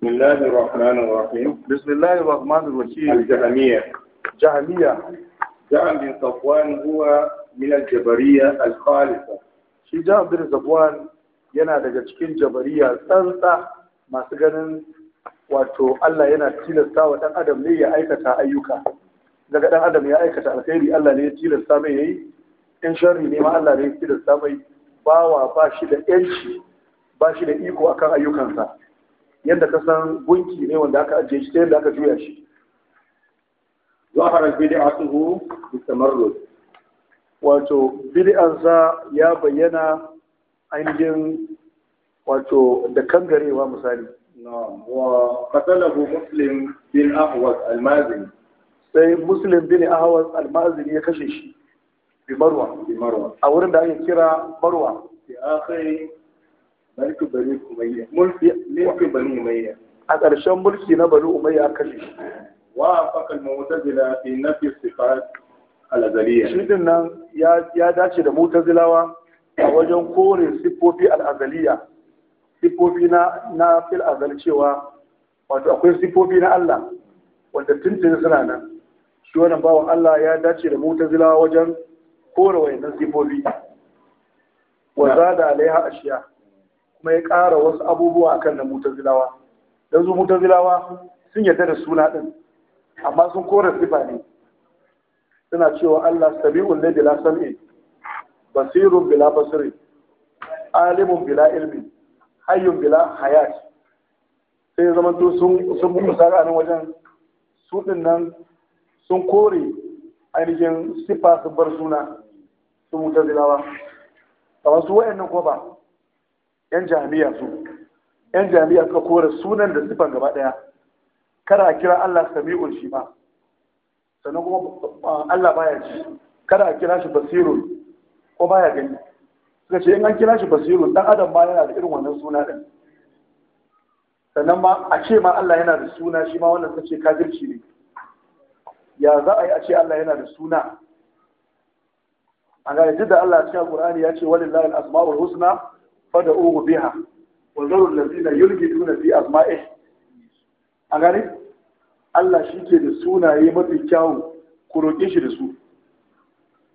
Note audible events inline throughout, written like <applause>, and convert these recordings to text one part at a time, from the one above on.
بسم الله الرحمن الرحيم بسم الله الرحمن الرحيم الجهمية جهمية جهم بن صفوان هو من الجبرية الخالصة شي جهم بن صفوان yana daga cikin jabariya tsantsa masu ganin wato Allah yana tilasta wa ɗan adam ya aikata ayyuka daga ɗan adam ya aikata alkhairi Allah ne ya tilasta mai yayi in sharri ne ma Allah ne ya tilasta mai bawa yanci ba shi da iko akan ayyukansa yadda ka san gunki ne wanda aka ajiye shi ta yadda aka juya shi ظهرت بدعته بالتمرد wato bid'ansa ya bayyana ainihin wato da kangarewa misali wa qatalahu muslim bin ahwas almazini sai muslim bin ahwas almazini ya kashe shi bi marwa a wurin da ake kira marwa ya akhiri Mulki bani umayya. Mulki A ƙarshen mulki na bani umayya kashe. Wa a fakal mu'tazila fi nafi sifat al-azaliyya. Shi din nan ya dace da mu'tazilawa a wajen kore siffofi al-azaliyya. na na fil azal cewa wato akwai siffofi na Allah wanda tuntun suna nan. Shi wani bawan Allah ya dace da mu'tazilawa wajen kore wayannan siffofi. Wa zada alaiha ashiya. kuma ya ƙara wasu abubuwa kan na mutazilawa don su mutazilawa sun yarda da suna ɗin amma sun kora sifa ne suna cewa Allah sami'un ne bila sam'i basirun bila basiri alimun bila ilmi hayyun bila hayat sai ya zama sun sun musa ranar wajen su nan sun kore ainihin sifa su bar suna su mutazilawa kamar su wa'annan ko ba yan jami'a su yan jami'a suka kore sunan da sifan gaba daya kada a kira Allah Sami'ul shi ba sannan kuma Allah baya ji kada a kira shi basirun ko baya gani suka ce in an kira shi basirun dan adam ma yana da irin wannan suna din sannan ma a ce ma Allah yana da suna shi ma wannan suka ce kafirci ne ya za a yi a ce Allah yana da suna a ga yadda Allah cikin Qur'ani ya ce walillahi al-asma'ul husna fada ugu biha wa zarul lazina yulgiduna fi asma'ih a gani Allah shi ke da sunaye mafi kyawun ku roƙe shi da su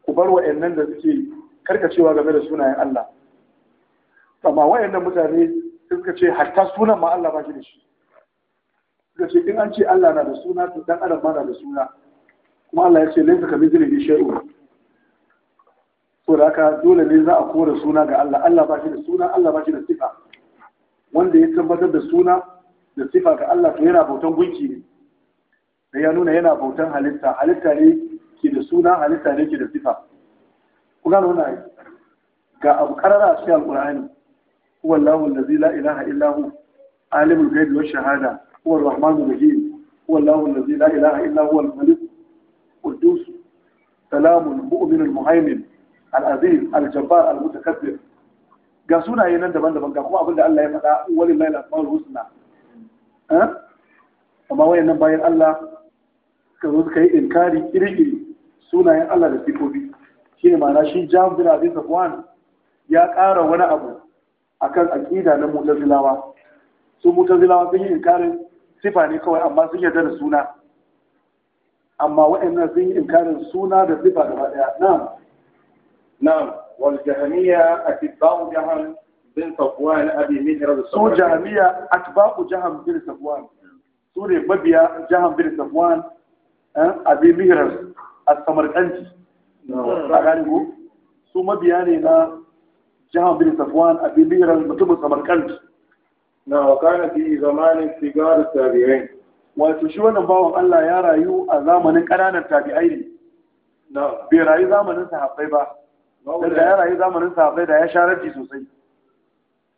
ku bar wa wa'annan da suke karkacewa game da sunayen Allah amma wa'annan mutane suka ce hatta sunan ma Allah ba shi da shi suka ce in an ce Allah na da suna to dan adam ma na da suna kuma Allah ya ce laysa kamithlihi shay'un so dole ne za a kora suna ga Allah Allah ba shi da suna Allah ba shi da sifa wanda ya tabbatar da suna da sifa ga Allah to yana bautan gunki ne da ya nuna yana bautan halitta halitta ne ke da suna halitta ne ke da sifa ku gano wannan ga abu karara a cikin alqur'ani huwa Allahu allazi la ilaha illa hu alimul ghaibi wash shahada huwa ar-rahmanur rahim huwa Allahu allazi la ilaha illa huwa al-malik القدوس سلام المؤمن المهيمن al’azir azim al ga sunaye nan daban-daban ga kuma abinda Allah ya faɗa walillahi al-asmaul husna hm? amma wayannan bayan Allah ka zo suka yi inkari iri-iri sunayen Allah da shi ne mana shi Jam bin Abi ya ƙara wani abu akan aƙida na Mu'tazilawa su Mu'tazilawa sun yi inkarin sifa ne kawai amma sun yarda da suna amma wayannan sun yi inkarin suna da sifa gaba daya na نعم والجهمية أتباع جهم بن صفوان أبي مهرب سو جهمية أتباع جهم بن صفوان سوري مبيا جهم بن صفوان أبي مهرب السمرقندي نعم su mabiya ne na jihar bin safwan a biliran mutumin samarkand na wakana fi zamanin sigar tabi'ai wato shi wannan bawan Allah ya rayu a zamanin ƙananan tabi'ai ne bai rayu zamanin sahabbai ba da ya rayu zamanin sahabbai da ya rafi sosai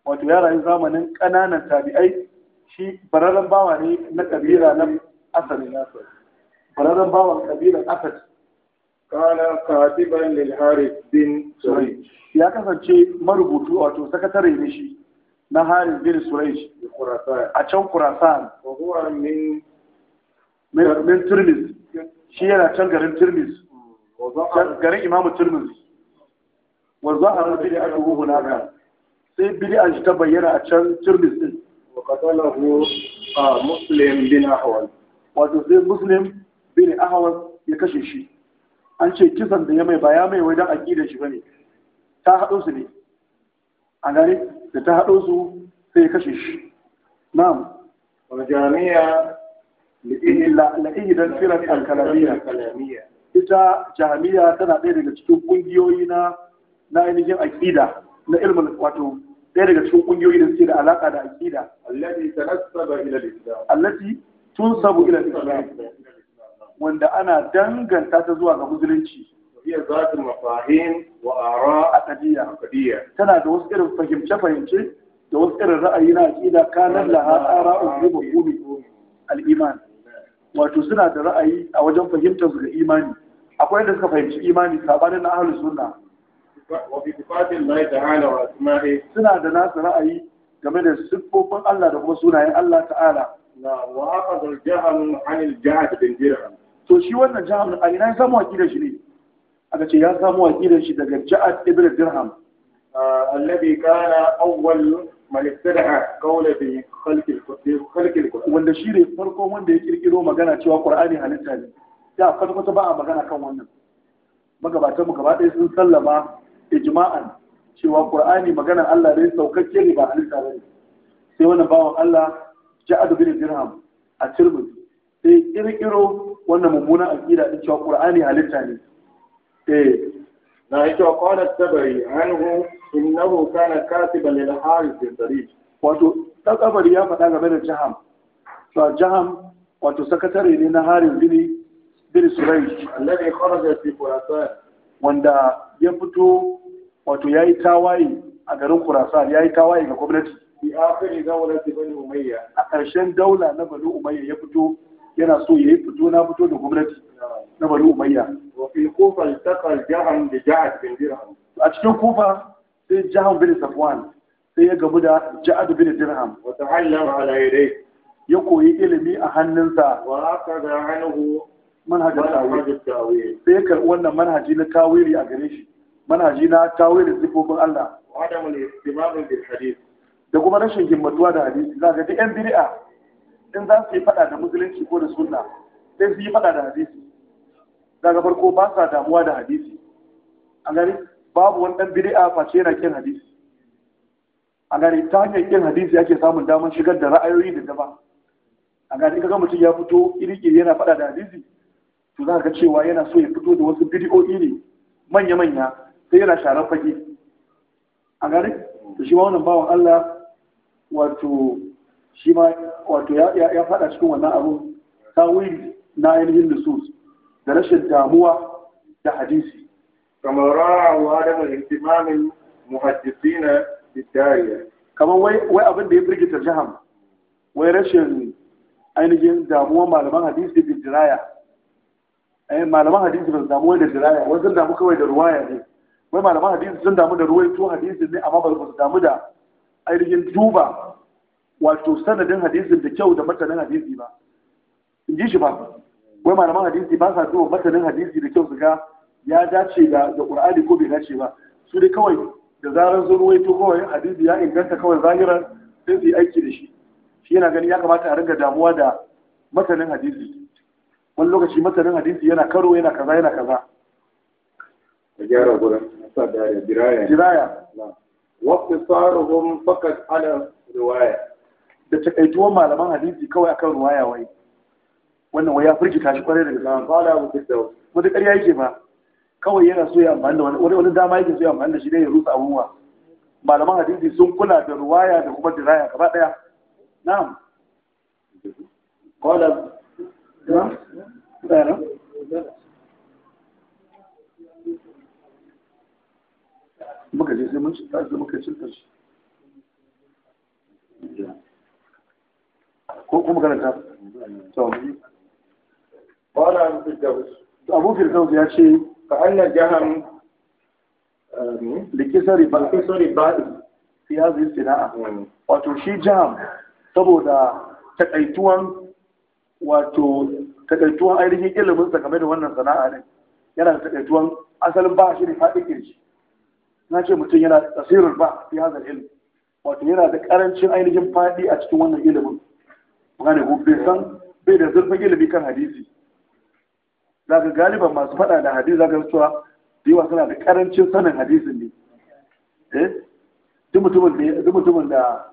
wato ya rayu zamanin ƙananan tabi'ai shi bararren bawa ne na kabira na asali bararren bawan kabiran asali kana katiban lil harith bin surayj ya kasance marubutu wato sakatare ne shi na harith bin surayj a can kurasan wa min min turmiz shi yana can garin turmis hmm, garin imamu turmis wa zahara bid'atuhu hunaka sai bid'an shi ta bayyana a can Tirmidhi din wa a musulun bin ahwal wato sai muslim bin ahwal ya kashe shi an ce kisan da ya mai ba ya mai wai dan da shi bane ta haɗo su ne a gare da ta haɗo su sai ya kashe shi na'am wa jami'a don firar alkalamiya ita jami'a tana ɗaya daga cikin ƙungiyoyi na na ainihin aƙida na ilmin wato ɗaya daga cikin ƙungiyoyi da suke da alaƙa da aƙida. allati tun sabu ila islam wanda ana danganta ta zuwa ga musulunci iya zatin mafahim wa ara a ƙadiyya. tana da wasu irin fahimce fahimce da wasu irin ra'ayi na aqida kanan laha ara'u bi mafhumi al al'iman. wato suna da ra'ayi a wajen fahimtar su ga imani akwai yadda suka fahimci imani saɓanin na ahlus sunna suna da nasu ra'ayi game da siffofin Allah da kuma sunayen Allah ta'ala na wa haka zal jahan anil da bin dirham to shi wannan jahan a ina ya samu aqidar shi ne aka ce ya samu aqidar shi daga ja'ad ibn dirham alladhi kana awwal man ibtada'a qawla bi khalqi kuɗi? wanda shi ne farko wanda ya kirkiro magana cewa qur'ani halitta ne ya kwata kwata ba a magana kan wannan Magabatanmu gaba ɗaya sun sallama ijma'an cewa qur'ani maganar Allah ne saukakke ne ba halitta bane sai wannan bawan Allah ja'ad bin dirham a tirmidhi sai kirkiro wannan mummunan aqida din cewa qur'ani halitta ne eh na yake wa qala tabari anhu innahu kana katiban lil harith al wato tabari ya faɗa game da jaham to jaham wato sakatare ne na harin bini bin surai alladhi kharaja fi khurasan wanda ya fito wato ya yi tawaye a garin kurasa, ya yi tawaye ga gwamnati bi akhiri dawlati bani umayya a ƙarshen daula na bani umayya ya fito yana so ya yi fito na fito da gwamnati na bani umayya da a cikin kufa sai jihar bin safwan sai ya gamu da jihar bin dirham wata hanyar halaye dai? ya koyi ilimi a hannunsa wa da hannu manhajin tawili sai ya karɓi wannan manhaji na tawiri a gare shi manhaji na tawiri sifofin Allah da kuma rashin himmatuwa da hadisi za ka duk yan bid'a in za su yi fada da musulunci ko da sunna sai su yi fada da hadisi za ka farko ba sa damuwa da hadisi a gari, babu wani dan bid'a face yana kin hadisi a gari ta hanyar kin hadisi ake samun damar shigar da ra'ayoyi da daba a ka ga mutum ya fito iri yana fada da hadisi to za ka cewa yana so ya fito da wasu bidiyoyi ne manya-manya sai yana sharar fage a gari da shi ma wannan bawan Allah wato shi ma wato ya faɗa cikin wannan abu wuri na ainihin su da rashin damuwa da hadisi kamar da mahimmanin ihtimamin na italiya kamar wai abin da ya firgita jiham wai rashin ainihin damuwa malaman hadisi da jiraya Eh, malaman hadisi ba su damu wai da diraya wai sun damu kawai da ruwaya ne wai malaman hadisi sun damu da ruwaito hadisin ne amma ba su damu da ainihin duba wato sanadin hadisin da kyau da matanin hadisi ba in ji shi ba wai malaman hadisi ba sa duba matanin hadisi da kyau su ga ya dace da da qur'ani ko bai dace ba su dai kawai da zarar sun ruwaito kawai hadisi ya inganta kawai zahirar sai su yi aiki da shi shi yana ganin ya kamata a ringa damuwa da matanin hadisi wani lokaci matanin hadisi yana karo yana kaza yana kaza a gyara gudan sa da Jiraya. diraya wasu gudun fakat ala riwaya da takaituwan malaman hadisi kawai akan ruwaya wai wannan wai ya firgita tashi kwarai da zaman kawai abu duk da wata ƙarya yake ba kawai yana so ya amfani da wani wani dama yake so ya amfani da shi dai ya rusa abubuwa malaman hadisi sun kula da ruwaya da kuma jiraya gaba ɗaya na'am qala Não? Não Muka je sai mun ci tashi da muka cinta shi. Ko kuma karanta? To. Abu ya ce ka eh, likisari ba hmm. Wato shi jahannam saboda takaituwan wato takaituwan ainihin ilimin sa game da wannan sana'a ne yana da takaituwan asalin ba shi ne ke kirji na ce mutum yana da tasirin ba fi hazar ilimin wato yana da karancin ainihin faɗi a cikin wannan ilimin gane ko bai san bai da zurfin ilimi kan hadisi zaka galiban masu faɗa da hadisi zaka cewa da yawa suna da karancin sanin hadisin ne eh duk mutumin da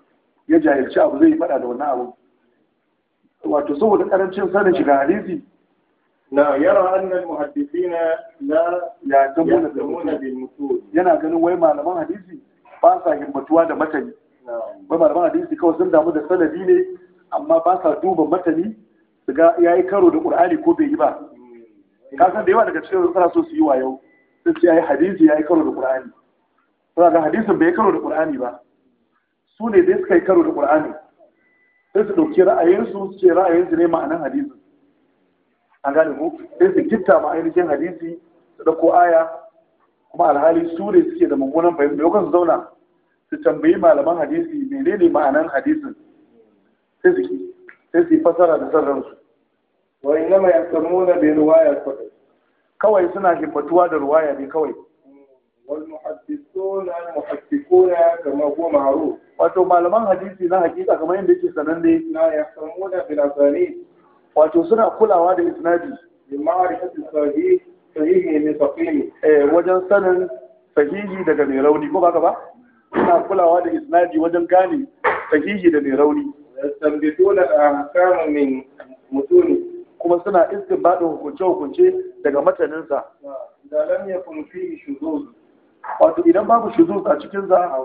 ya jahilci abu zai faɗa da wannan abu wato saboda karancin sanin shiga hadisi na yara annal muhaddisina la ya da tabuna bil mutul yana ganin wai malaman hadisi ba sa himmatuwa da matani wai malaman hadisi kawai sun damu da sanadi ne amma ba sa duba matani su ga yayi karo da qur'ani ko bai yi ba hmm. ka san da yawa daga cikin suna so su yi wayo sun ce yayi hadisi yayi karo da qur'ani suna ga hadisin bai karo da qur'ani ba su ne dai suka yi karo da qur'ani sai su ɗauki ra'ayinsu su ce ra'ayinsu ne ma'anan hadisin an gane ko sai su gitta ma ainihin hadisi su ɗauko aya kuma alhali su ne suke da mummunan fahimta yau su zauna su tambayi malaman hadisi menene ma'anan hadisin sai su ki sai su yi fasara da san ransu wa innama yasamuna bi riwayat kawai suna himmatuwa da ruwaya ne kawai wato malaman hadisi na hakika kamar yadda yake sananne na ya samu da bilasani wato suna kulawa da isnadi bi ma'rifati sahihi sahihi ne saqimi eh wajen sanin sahihi daga mai rauni ko baka ba suna kulawa da isnadi wajen gane sahihi da mai rauni yastambituna ahkam min mutuni kuma suna istinbadin hukunce hukunce daga mataninsa da lam yakun fihi shuzuz wato idan babu shuzuz a cikin za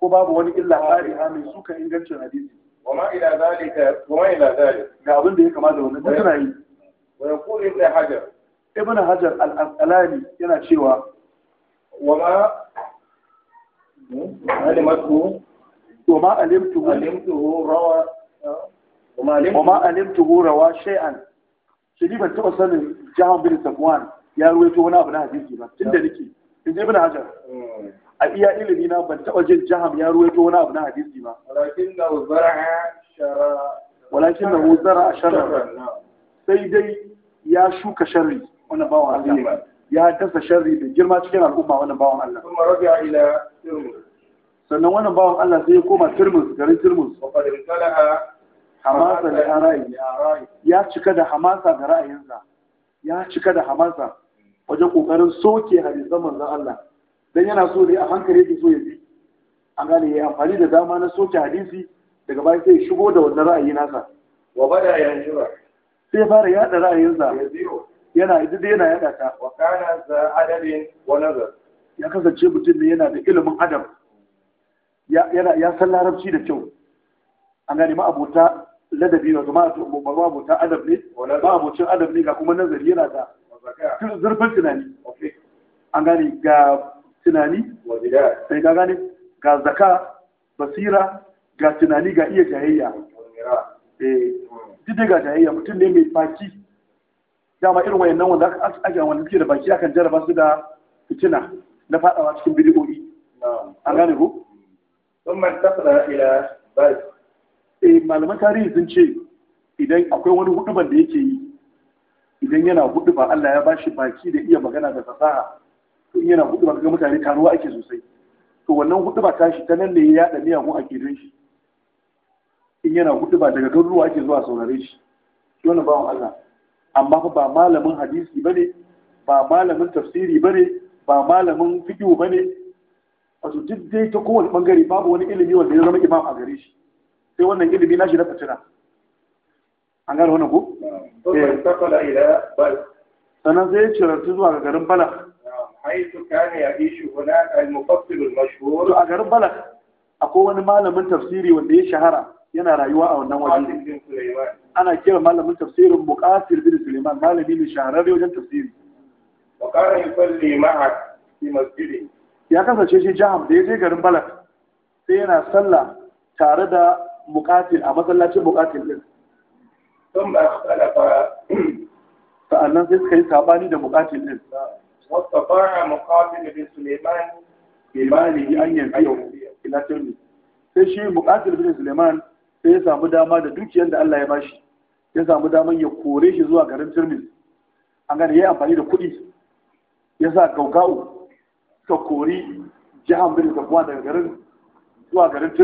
ko babu wani illa qariha mai suka ingancin hadisi wama ila zalika zalika ga abin da ya kama da wannan mutuna yi wa yaqul ibn hajar ibn hajar al-asqalani yana cewa wa alimatu wama alimtu alimtu rawa wama ban taba sanin jihar bin safwan ya ruwaito wani abu na hadisi ba tunda nake in ji ibn hajar a iya ilimi na ban taɓa jin jaham ya ruwaito wani abu na hadisi ba walakin da wuzara a sharar sai dai ya shuka sharri wani bawon Allah ya dasa sharri da girma cikin al'umma wannan bawan Allah sannan wannan bawan Allah sai ya koma turmus garin turmus hamasa da ra'ayi ya cika da hamasa da ra'ayinsa ya cika da hamasa wajen kokarin soke zaman manzon Allah dan yana so dai a hankali da so ya bi an gane ya amfani da dama na soke hadisi daga bayan sai shigo da wannan ra'ayi nasa wa bada jira sai fara yada ra'ayinsa yana duk yana yada ta wa kana za adabin wa nazar ya kasance mutum ne yana da ilimin adam ya san larabci da kyau an gane ma'abota ladabi wato abota adab ne ma'abocin adab ne ga kuma nazari yana da zurfin tunani an gane ga tunani sai ga gane ga zaka basira ga tunani ga iya jayayya eh, hmm. duk ga jayayya mutum ne mai baki dama irin nan wanda ake wanda suke da baki akan jarraba su da fitina na fadawa cikin bidiyoyi an gane ko sun man tasara ila bas eh, malaman tarihi sun ce idan akwai wani huduban da yake yi idan yana hudu ba Allah ya bashi baki da iya magana da fasaha to in yana hudu ba ga mutane taruwa ake sosai to wannan hudu ba tashi ta nan ne ya yada miyagun akidun shi in yana hudu ba daga garuruwa ake zuwa saurare shi shi wannan bawan Allah amma ba malamin hadisi bane ba malamin tafsiri bane ba malamin fiqh bane wato duk dai ta kowane bangare babu wani ilimi wanda ya zama imam a gare shi sai wannan ilimi na shi na fitina an gane wannan ko ثم انتقل الى cirarci انا زي garin balak haitu kana حيث كان يعيش هناك المفصل المشهور mashhur a garin balak akwai wani malamin tafsiri wanda yana rayuwa a wannan waje ana kira malamin tafsirin muqatil bin suleiman malami ne shahararre wajen tafsiri wa yi yusalli ma'a fi masjidi ya kasance shi jaham da ya je garin balak sai yana sallah tare da muqatil a masallacin muqatil din ثم اختلف فأنا زي كي ساباني ده مقاتل إن واستطاع مقاتل بن سليمان بماله أن ينفيه إلى ترمي sai shi bin Suleiman sai ya samu dama da dukiyar da Allah ya bashi ya samu daman ya kore shi zuwa garin an ya yi amfani da kuɗi ya sa gaugau ta kori jihar bin Safwan daga garin zuwa garin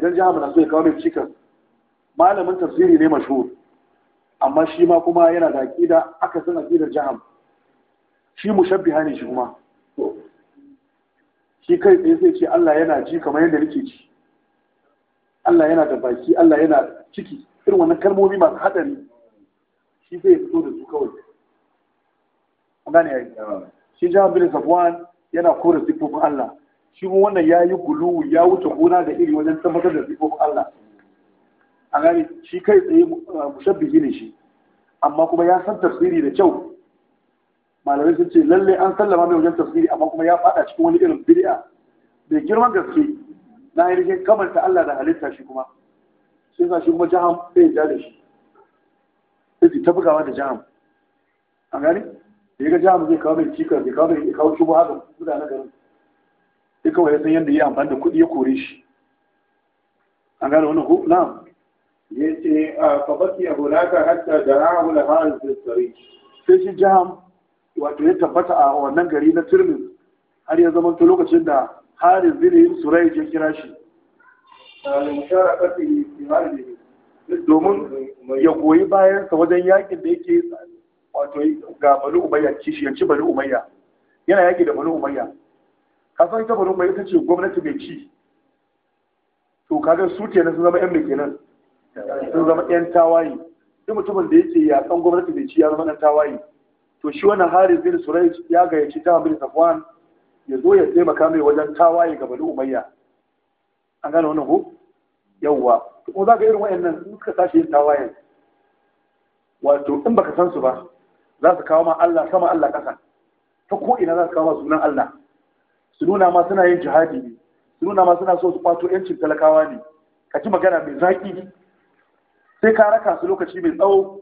don jihar ya kawo mai cikas malamin tafsiri ne mashhur amma shi ma kuma yana da aƙida aka san aƙidar jaham shi mushabbiha ne shi kuma shi kai tsaye sai ce Allah yana ji kamar yadda nake ji Allah yana da baki Allah yana ciki irin wannan kalmomi masu hadari shi sai fito da su kawai an gane yayi shi jaham bin safwan yana kore sifofin Allah shi mu wannan yayi guluwu ya wuce gona da iri wajen tabbatar da sifofin Allah a gani shi kai tsaye ah, mushabbihi ne shi amma kuma ya san tafsiri da kyau malamai sun ce lalle an sallama mai wajen tafsiri amma kuma ya fada cikin wani irin bid'a da girman gaske na ainihin kamanta Allah da halitta shi kuma sai sa shi kuma jaham sai ya da shi sai ta bugawa da jaham a gani da ya ga jaham zai kawo mai cikar zai kawo mai kawo shi haka mutanen garin sai kawai ya san yadda ya amfani da kuɗi ya kore shi an gane wani ku na? yace fa abu hunaka hatta da'ahu al-haris al-sari sai shi jam wato ya tabbata a wannan gari na turmin har ya zama to lokacin da haris bin surai ya kira shi domin ya goyi bayansa wajen yakin da yake wato ga bani umayya kishi yanci bani umayya yana yaki da bani umayya kasan ita bani umayya ita ce gwamnati mai ci to kaga su kenan sun zama yan mai kenan sun zama yan tawaye duk mutumin da yake san gwamnati bai ci ya zama ɗan tawaye to shi wannan haris bin surai ya gayyaci ta bin safwan ya zo ya taimaka mai wajen tawaye ga bani umayya an gane wannan ko yawwa kuma za ka irin wayannan in suka tashi yin tawayen wato in baka san su ba za su kawo ma Allah sama Allah ƙasa ta ko ina za su kawo ma sunan Allah su nuna ma suna yin jihadi ne su nuna ma suna so su kwato yancin talakawa ne ka ji magana mai zaƙi sai ka raka su lokaci mai tsawo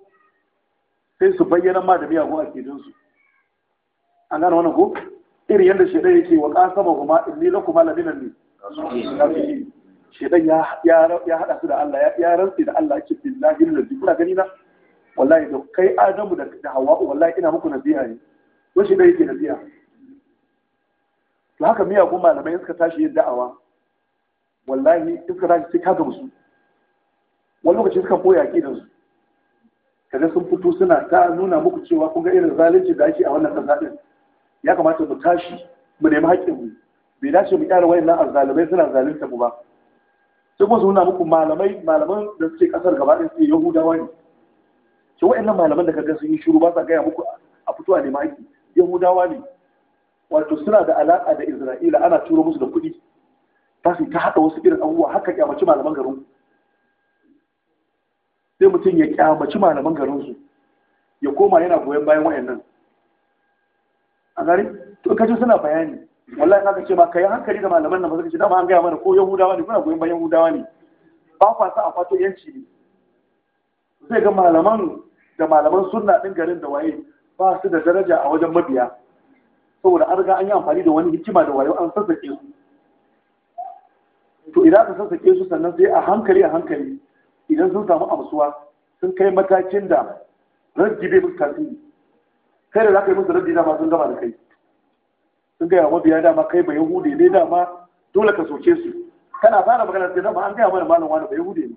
sai su bayyana ma da miyagun akidinsu an gano wannan ko irin yadda shedan yake wa qasama in inni kuma laminan ne shedan ya ya hada su da Allah ya rantsi da Allah yake billahi lillahi kuna gani na wallahi da kai Adamu da da Hawwa wallahi ina muku nasiha ne Wani shedan yake nasiha to haka miyagun malamai suka tashi yin da'awa wallahi in suka tashi sai ka gamsu wani lokaci suka koya a su kaga sun fito suna ta nuna muku cewa kun ga irin zalunci da ake a wannan ƙasa ya kamata mu tashi mu nemi haƙƙin mu bai dace mu kyara wayannan zalumai suna zalunta mu ba sai kuma su nuna muku malamai malaman da suke ƙasar gaba ɗaya, su yahudawa ne ke wayannan malaman da kaga sun yi shiru ba sa gaya muku a fito a nemi haƙƙi yahudawa ne wato suna da alaƙa da isra'ila ana turo musu da kuɗi ta su ta haɗa wasu irin abubuwa haka kyamaci malaman garin sai mutum ya kyamaci malaman garinsu ya koma yana goyon bayan wayannan a gari to kaji suna bayani wallahi aka ce ma kai hankali da malaman nan ba zaka ce dama an gaya mana ko yahudawa ne kuna goyon bayan yahudawa ne ba kwa sa a fato yanci ne zai ga malaman da malaman sunna din garin da waye ba su da daraja a wajen mabiya saboda an riga an yi amfani da wani hikima da wayo an sassake su to idan aka sassake su sannan sai a hankali a hankali idan sun samu amsuwa sun kai matakin da raddi bai musu tasiri kai da za ka yi musu raddi dama sun gama da kai sun gaya biya dama kai ba yahude ne dama dole ka soke su kana fara magana sai dama an gaya mana malam wani ba yahude ne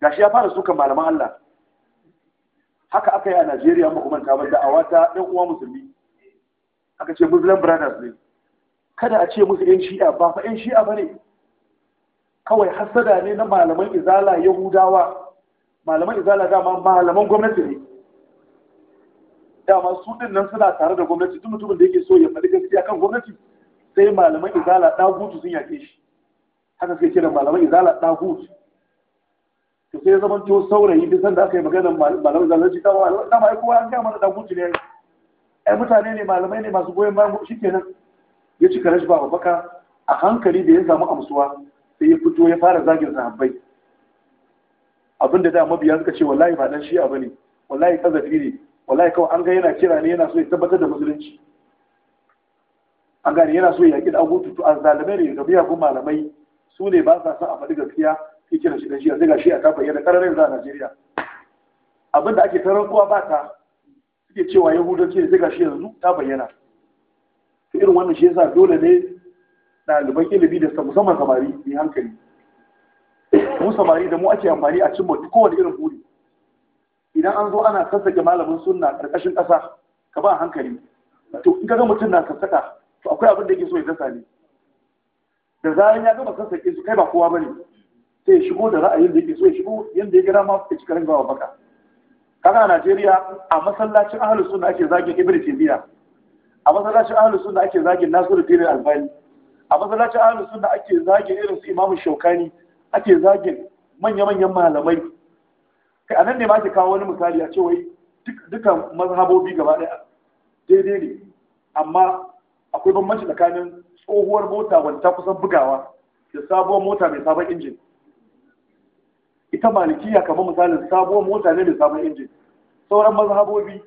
gashi ya fara sukan malaman Allah haka aka yi a Najeriya muku manta ba da'awa ta ɗan uwa musulmi aka ce Muslim brothers ne kada a ce musu 'yan shi'a ba fa 'yan shi'a ba ne kawai hasada ne na malaman izala yahudawa malaman izala dama malaman gwamnati ne dama su din nan suna tare da gwamnati duk mutumin da yake so ya faɗi gaskiya kan gwamnati sai malaman izala ɗagutu sun yaƙe shi haka suke da malaman izala ɗagutu to sai zama to saurayi san sanda aka yi maganar malaman izala ji dama dama ai kowa an ga mana ɗagutu ne ai mutane ne malamai ne masu goyon bayan shi kenan ya ci karashi ba babbaka a hankali da ya samu amsuwa sai ya fito ya fara zagin sahabbai abinda da mabiya suka ce wallahi ba dan shi'a bane wallahi kazafi ne wallahi kawai an ga yana kira ne yana so ya tabbatar da musulunci an gane yana so ya yaƙi da abubuwa a zalimai ne ga miyagun malamai su ne ba sa son a faɗi gaskiya ke kira shi dan shi'a sai ga shi'a ta bayyana ƙarar yanzu a Najeriya abinda ake tarar kowa ba ta suke cewa yahudanci ne sai ga shi yanzu ta bayyana irin wannan shi yasa dole ne ɗaliban ilimi da musamman samari mai hankali mu samari da mu ake amfani a cimma duk kowane irin buri idan an zo ana sassake malamin sunna ƙarƙashin ƙasa ka ba hankali to in ga mutum na sassaka to akwai abin da yake so ya dasa ne da zaran ya gama sassake su kai ba kowa bane sai ya shigo da ra'ayin da yake so ya shigo yanda ya gada ma ya ci karin gawa baka kaga a Najeriya a masallacin ahlus sunna ake zagin Ibn Taymiyyah a masallacin ahlus sunna ake zagin Nasiruddin Albani a masallacin ahlus sunna ake zagin irin su imamu shaukani ake zagin manya-manyan malamai kai anan ne ma ke kawo wani misali a ce wai dukan mazhabobi gaba daya daidai ne amma akwai bambanci tsakanin tsohuwar mota wanda ta kusan bugawa da sabuwar mota mai sabon injin ita malikiya kamar misalin sabuwar mota ne mai sabon injin sauran mazhabobi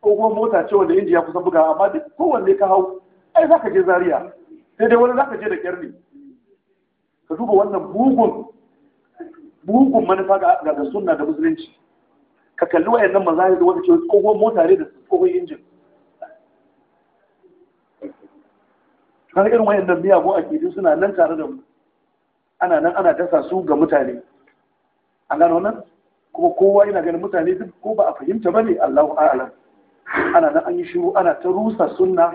tsohuwar mota ce wanda injin ya kusan bugawa amma duk kowanne ka hau ai za ka je zaria sai dai wani zaka je da kyar ne ka duba wannan bugun bugun manufa ga ga sunna da musulunci ka kalli wayannan mazahir da wanda ke kogon mota ne da kogon injin kan irin wayannan miyagun akidu suna nan tare da mu ana nan ana dasa su ga mutane an gano nan kuma kowa yana ganin mutane duk ko ba a fahimta bane Allahu a'lam ana nan an yi shiru ana ta rusa sunna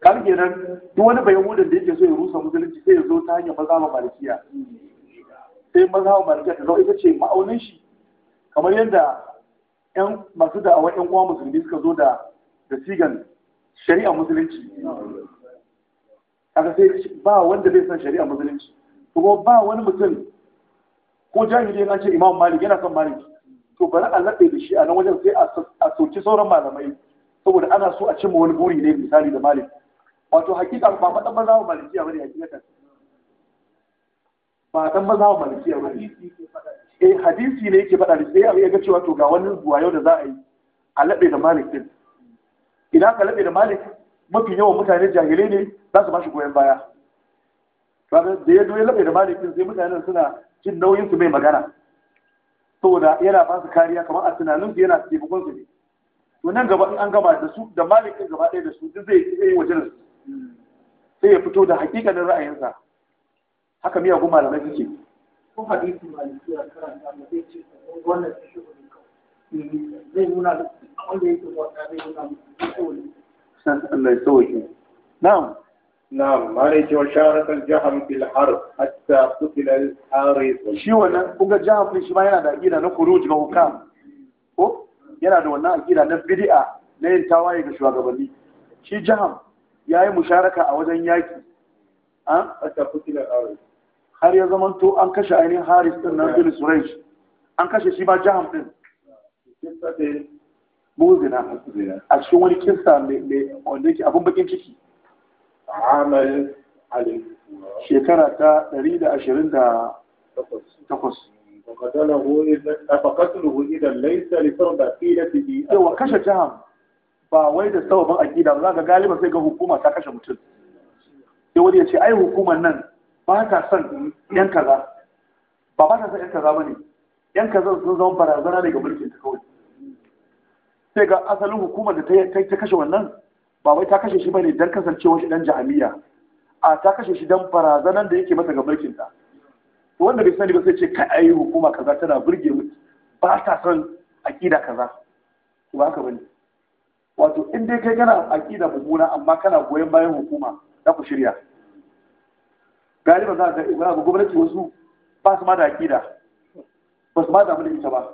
kan nan, duk wani bayan wudin da yake so ya rusa musulunci sai ya zo ta hanyar maza ma malikiya sai maza ma malikiya ta zama ita ce ma'aunin shi kamar yadda yan masu da'awa yan uwa musulmi suka zo da da sigan shari'a musulunci kaga sai ba wanda zai san shari'a musulunci kuma ba wani mutum ko jahili yana ce imam malik yana son malik to bari a laɗe da shi a nan wajen sai a soki sauran malamai saboda ana so a cimma wani buri ne misali da malik wato hakika ba faɗan maza wa malikiya bane hakikatan ba dan maza wa malikiya bane eh hadisi ne yake faɗa da sai a ga cewa to ga wani zuwa yau da za a yi a laɓe da malik din idan ka laɓe da malik mafi yawan mutane jahilai ne za su ba shi goyon baya kaga da ya doye laɓe da malik din sai mutanen suna jin nauyin su mai magana saboda yana ba su kariya kamar a tunanin su yana taimakon su ne to nan gaba an gama da su da malik din gaba ɗaya da su duk zai yi wajen su sai ya fito da hakikanin ra'ayinsa haka miya miyagun malamai suke ko hadisi malikiya karanta mu zai ce wannan shi eh, zai nuna da wanda yake wata zai nuna da <laughs> Allah ya sauke na'am Na'am. نعم مالك وشارك الجهم في الحرب حتى قتل الحارث Shi wannan kunga jaham din shi ma yana da aqida na khuruj ga hukam ko yana da wannan aqida na bid'a na yin tawaye ga shugabanni shi jaham ya yi musharaka a wajen yaƙi an har ya zama to an kashe ainihin haris ɗin na bin suraj an kashe shi ba jaham ɗin muzina a cikin wani kinsa mai wanda yake abin bakin ciki amal shekara ta 128 فقتله إذا فقتله إذا ليس لفرض عقيدته. هو كشف جهم ba wai da sababin aƙida ba za ka galiba sai ga hukuma ta kashe mutum sai wani ya ce ai hukumar nan ba ta son yan kaza ba ba ta son yan kaza ba ne yan kaza sun zama barazana ne ga mulkin ta kawai sai ga asalin hukumar da ta kashe wannan ba wai ta kashe shi bane dan kasancewa shi dan jahiliya a ta kashe shi dan barazanan da yake masa ga mulkin ta wanda bai sani ba sai ce kai ai hukuma kaza tana burge mu ba ta son akida kaza ba haka bane wato in dai kai kana aƙida mummuna amma kana goyon bayan hukuma za ku shirya galiba za ga za ga gwamnati wasu ba su ma da aƙida ba su ma da mulki ita ba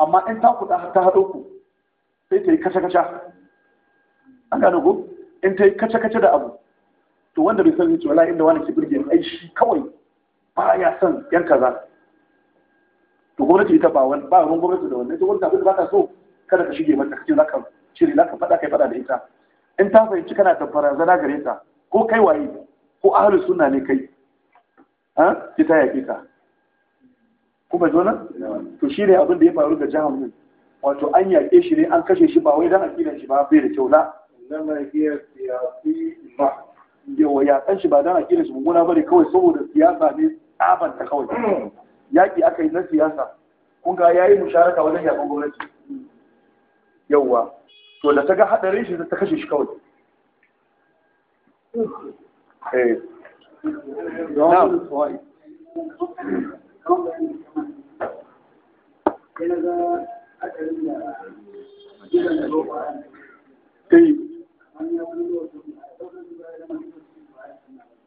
amma in ta kuɗa ta haɗo ku sai ta yi kaca-kaca an gano ku in ta yi kaca-kaca da abu to wanda bai san zuciya inda wani ke birge ai shi kawai ba ya son yan kaza to gwamnati ita ba wani ba gwamnati da wani, ita wani abin da ba ta so kada ka shige mata kace za ka cire za ka faɗa kai faɗa da ita in ta fahimci kana tabbara zana gare ta ko kai waye ko ahlus sunna ne kai ha ki ta yaƙi ka kuma jona to shi ne abin da ya faru ga jahan din wato an yaƙe shi ne an kashe shi ba wai dan aƙidan shi ba bai da kyau na yawa shi ba dan aƙidan shi mummuna bari kawai saboda siyasa ne tsabanta kawai <clears throat> yaƙi aka yi na siyasa kun ga yayi musharaka wajen yaƙan gwamnati yawa to da ta ga hadarin shi ta kashe shi kawai eh na'am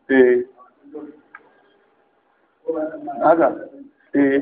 eh haka eh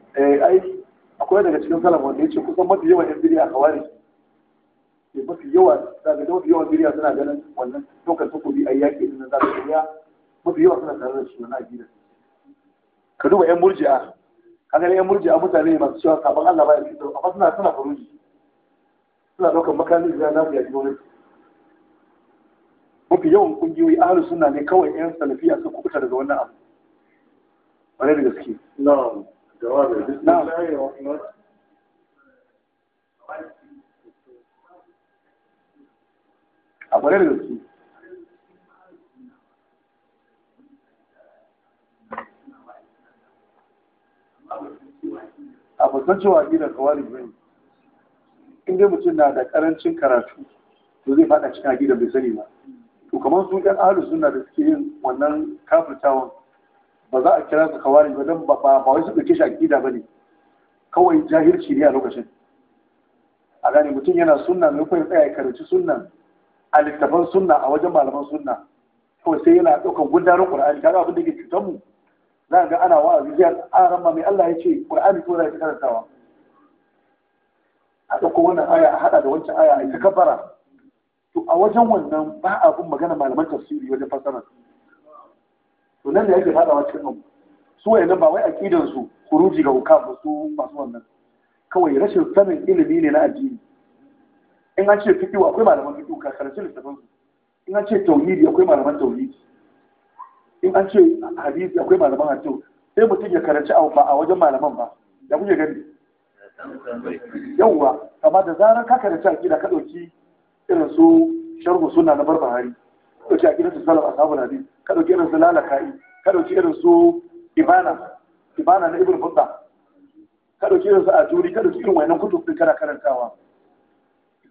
eh ai akwai daga cikin salaf wanda ya ce kusan mafi yawan yan bid'a kawari ke eh, mafi yawa daga da mafi yawan biriya suna ganin wannan dokar takobi ai yake din za su mafi yawa suna tare da shi na aqida ka duba yan murji'a kaga yan murji'a mutane masu cewa sabon Allah ba ya fito amma suna suna furuji suna ɗaukar makamin da na ya ji wani mafi yawan ƙungiyoyi ahlus sunna ne kawai yan salafiya suka kubuta daga wannan abu bare da gaske na'am a su fuskanci waƙi da kawari brain in dai mutum na da ƙarancin karatu to zai faɗa cikin da bai sani ba to kamar su ɗan suna da suke yin wannan kafirtawan ba za a kira su kawari ba don ba wai su ɗauke shi aƙida ba ne kawai jahilci ne a lokacin a gane mutum yana suna mai kuma tsaya ya karanci sunnan a littafan sunna a wajen malaman sunna kawai sai yana ɗaukan gundarin ƙur'ani kaga abin da ke cutar mu za a ga ana wa'azi zai aran ma mai Allah ya ce ƙur'ani ko za yi karantawa a ɗauko wannan aya a haɗa da wancan aya a ta kafara to a wajen wannan ba abin magana malaman tafsiri wajen fassara. to nan da yake fadawa cikin abu su wayannan ba wai aqidan su kuruji ga hukam ba su masu wannan kawai rashin sanin ilimi ne na addini in an ce fiqh akwai malaman fiqh ka karanci littafin su in an ce tauhidi akwai malaman tauhidi in an ce hadisi akwai malaman hadisi sai mutum ya karanci abu ba a wajen malaman ba da kuke gani yawwa amma da zarar ka karanci aqida ka dauki irin su sharhu sunna na barbahari dauki aqidatu salaf ashabul hadisi ka ɗauki irin su lalaka'i ka ɗauki irin su ibana ibana na ibn fudda ka ɗauki irin su ajuri ka ɗauki irin wannan kutub din kana karantawa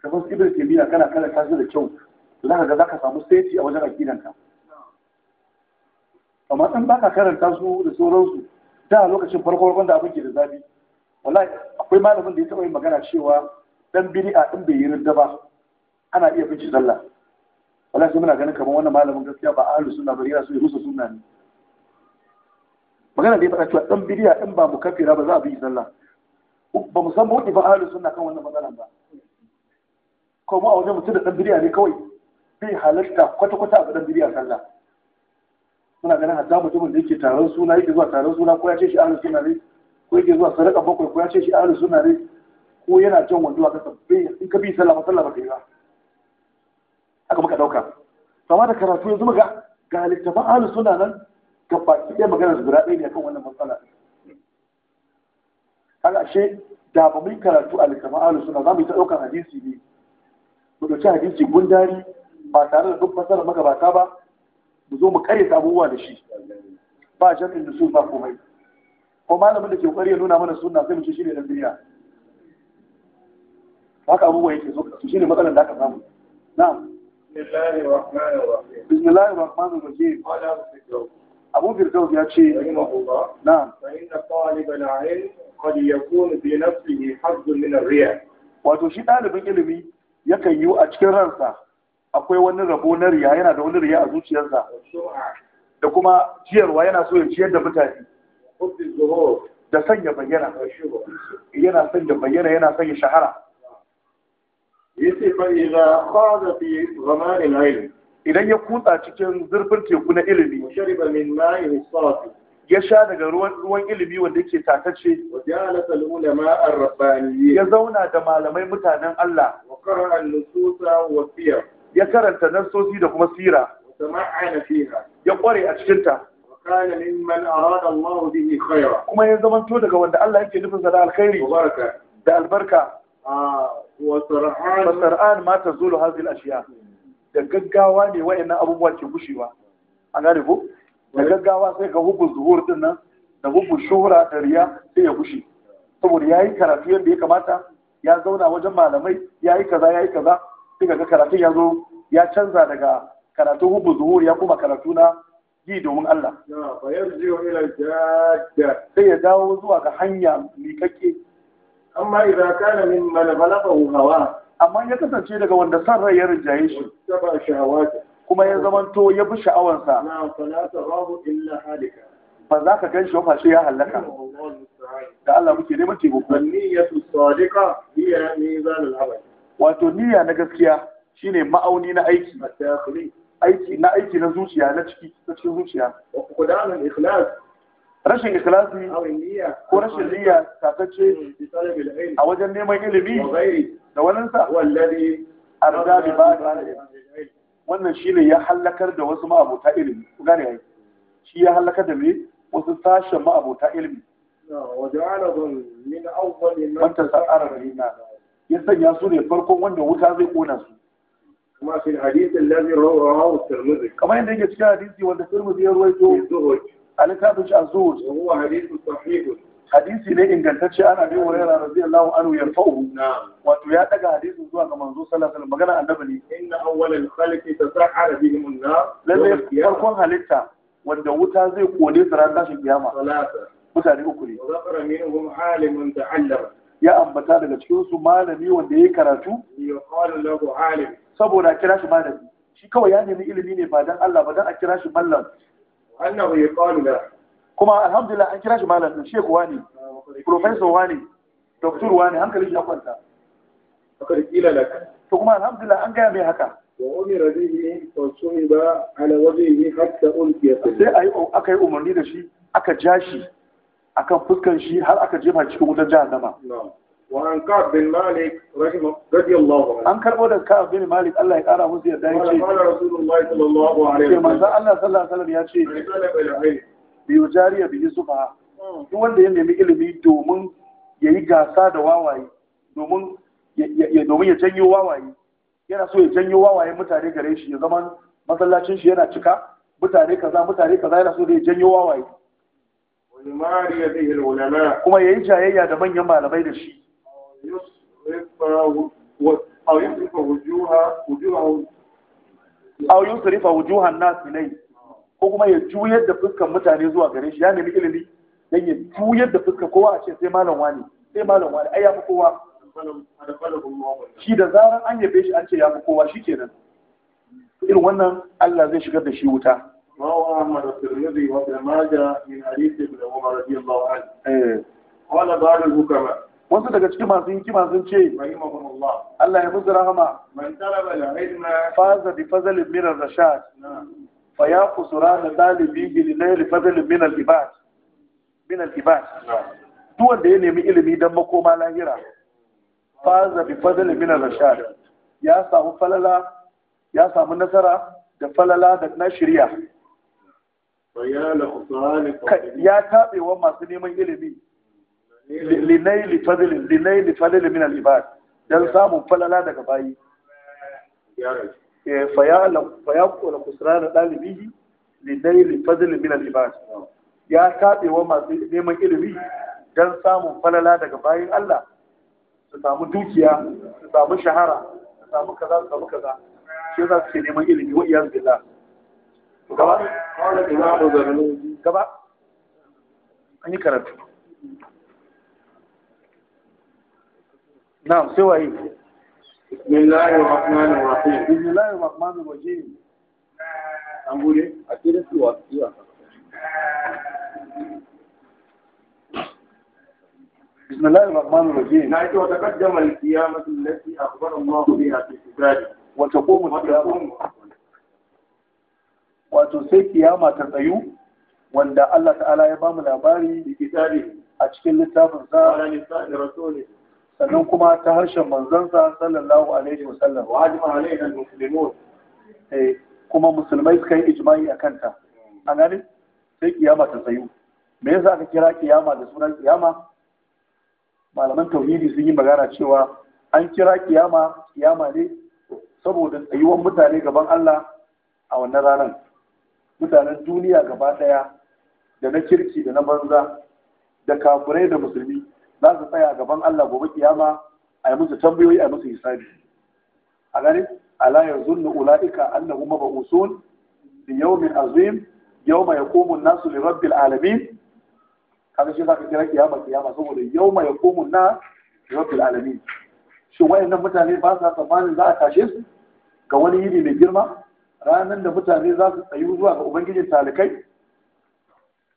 kamar su ibn taymiya kana karanta su da kyau za ka ga za ka samu saiti a wajen aqidanka amma in ba ka karanta su da sauransu da lokacin farko farkon da abin ke da zafi wallahi akwai malamin da ya taɓa yin magana cewa dan bid'a din bai yi ridda ba ana iya bin sallah wala shi muna ganin kamar wannan malamin gaskiya ba ahlus sunna bari yana so ya rusa sunna ne magana da ya faɗa cewa dan bidiya dan ba mukaffira ba za a bi sallah ba mu san mu ba ahlus sunna kan wannan magana ba ko mu a wajen mutum da dan bidiya ne kawai bai halarta kwata kwata a dan bidiya sallah muna ganin hatta mutumin da yake taron suna yake zuwa taron suna ko ya ce shi ahlus sunna ne ko yake zuwa sadaka bakwai ko ya ce shi ahlus sunna ne ko yana jan wando a kasa bai in ka bi sallah ba sallah ba kai ba aka muka dauka sama da karatu yanzu muga ga littafin ahlu suna nan ga baki ɗaya magana su guda ɗaya ne akan wannan matsala kaga she da ba mu karatu a littafin ahlu suna za mu yi ta ɗaukar hadisi ne mu ɗauki hadisi dari ba tare da duk fasara magabata ba mu zo mu karyata abubuwa da shi ba jami'in da su ba komai ko malamin da ke ƙwari ya nuna mana suna sai mu ce shi ne ɗan duniya haka abubuwa yake so shi ne matsalar da aka samu na'am بسم الله الرحمن الرحيم أبو فردوس يا شيخ نعم فإن طالب العلم قد يكون حظ من الرياء wato shi ɗalibin ilimi yakan yi a cikin ransa akwai wani rabo na riya yana da wani riya a zuciyarsa da kuma ciyarwa yana so ya ciyar da mutane da sanya bayyana yana sanya bayyana yana sanya shahara yace fa idza khada fi ghamar al-ilm idan ya kutsa cikin zurfin teku na ilimi shariba min ma'i safi ya sha daga ruwan ruwan ilimi wanda yake tatacce wa ja'ala al-ulama ar-rabbaniyyin ya zauna da malamai mutanen Allah wa qara'a an-nususa wa siyar ya karanta nasosi da kuma sira Wa tama'ana fiha ya kware a cikin ta kana mimman arada Allah bihi khaira kuma ya zama zamanto daga wanda Allah yake nufin sa da alkhairi da albarka Ah, wasar'an ma ta zulu hazil ashiya da gaggawa ne na abubuwa ke kushewa. a gane da gaggawa sai ga hukun zuhur din nan da hukun shura da riya sai ya gushe saboda ya yi karatu yadda ya kamata ya zauna wajen malamai ya yi kaza ya yi kaza sai ga karatun ya zo ya canza daga karatun hukun zuhur ya kuma karatu na yi domin Allah sai ya dawo zuwa ga hanya miƙaƙƙe amma idza kana min man balaghahu hawa amma ya kasance daga wanda san rai ya rinjaye shi kuma ya zamanto ya bi sha'awansa na fala tarahu illa ba za ka gan shi ba ya halaka da Allah muke neman taimako niyyatu sadiqa hiya mizanul amal wato niyya na gaskiya shine ma'auni na aiki aiki na aiki na zuciya na ciki na cikin zuciya wa qadamun ikhlas rashin Ikilasi ko rashin niyya tatacce a wajen neman ilimi da wani wallahi arda bi ba wannan shine ya hallakar da wasu ma'abota ilimi ku gane ai shi ya hallakar da me wasu sashen ma'abota ilimi wanda sa'ara nina ya sanya su ne farkon wanda wuta zai kona su kamar yadda yake cikin hadisi wanda turmuzi ya ruwaito alkafin shi azuhud huwa hadithu sahihun hadisi ne ingantacce ana bi hurairah radiyallahu anhu yarfa'u wato ya daga hadisin zuwa ga manzo sallallahu alaihi magana annabi ne inna awwalal khalqi tasahhara bihim an-nar lalle farkon halitta wanda wuta zai kone su ran tashin kiyama mutane uku ne zakara minhum alimun ta'allama ya ambata daga cikin su malami wanda yayi karatu yuqalu lahu alim saboda kira shi malami shi kawai ya nemi ilimi ne ba dan Allah ba dan a kira shi mallam annahu yuqalu la kuma alhamdulillah an kira shi malam din shehu wani professor wani doctor wani hankali shi ya kwanta fakar kila lak to kuma alhamdulillah an gaya mai haka wa umira bihi wa suhiba ala wajhihi hatta ulqiya sai ai akai umarni da shi aka ja shi akan fuskan shi har aka jefa cikin wutar jahannama na'am وعن كعب بن مالك رحمه رضي الله عنه عن كعب بن كعب بن مالك الله يقرا زي يدا يجي قال رسول الله صلى الله عليه وسلم ما شاء الله صلى الله عليه وسلم duk wanda ya nemi ilimi domin ya yi gasa da wawaye domin ya janyo wawaye yana so ya janyo wawaye mutane gare shi ya zama masallacin shi yana cika mutane kaza mutane kaza yana so ya janyo wawaye kuma ya yi jayayya da manyan malamai da shi أو يصرف وجوه الناس إليه ko kuma ya juyar da fuskan mutane zuwa gare shi ya nemi ilimi dan ya juyar da fuskar kowa a ce sai malam wani sai malam wani ai ya fi kowa shi da zaran an yabe shi an ce ya fi kowa shi nan irin wannan Allah zai shigar da shi wuta wasu daga cikin masu hikima sun ce Allah ya musu rahama faza bi fazalin minar rashad fa ya kusura da dalibi gilinayar fazalin minar ibad minar ibad duk wanda ya nemi ilimi don makoma lahira faza bi fazalin minar rashad ya samu falala ya samu nasara da falala da na shirya ya taɓewa masu neman ilimi Linai fadilin linaili fadilin min al-ibad dan samun falala daga bayi eh, fa ya fa ya kula kusrana dalibihi linaili fadilin min al-ibad ya kabewa masu neman ilimi dan samun falala daga bayin Allah su samu dukiya su samu shahara su samu kaza su samu kaza shi za su ce neman ilimi wa iyaz billah gaba gaba an yi karatu na'am sai waye bismillahir rahmanir rahim bismillahir rahmanir rahim an bude a cikin suwa suwa بسم الله الرحمن الرحيم نأتي وتقدم القيامة التي أخبر الله بها في كتابه وتقوم القيامة tsayu, wanda Allah Ta'ala Ya تعالى يبام الأباري a cikin لتابر a على لسان رسوله sannan kuma ta harshen manzansa sallallahu alaihi wasallam wa ajma alaihi almuslimun eh kuma musulmai suka yi ijma'i a kanta an ganin, sai kiyama ta tsayu me yasa aka kira kiyama da sunan kiyama malaman tauhidi sun yi magana cewa an kira kiyama kiyama ne saboda tsayuwan mutane gaban Allah a wannan ranar mutanen duniya gaba daya da na kirki da na banza da kafirai da musulmi za su tsaya gaban Allah gobe kiyama a yi musu tambayoyi a yi musu hisabi a gani ala yazunnu ulaika annahu mab'usun bi yawmin azim yawma yaqumu an-nasu li rabbil alamin kaga shi zaka kira kiyama kiyama saboda yawma yaqumu an-nasu li rabbil alamin shin wayannan mutane ba sa tsammanin za a tashe su ga wani yini mai girma ranar da mutane za su tsayu zuwa ga ubangijin talikai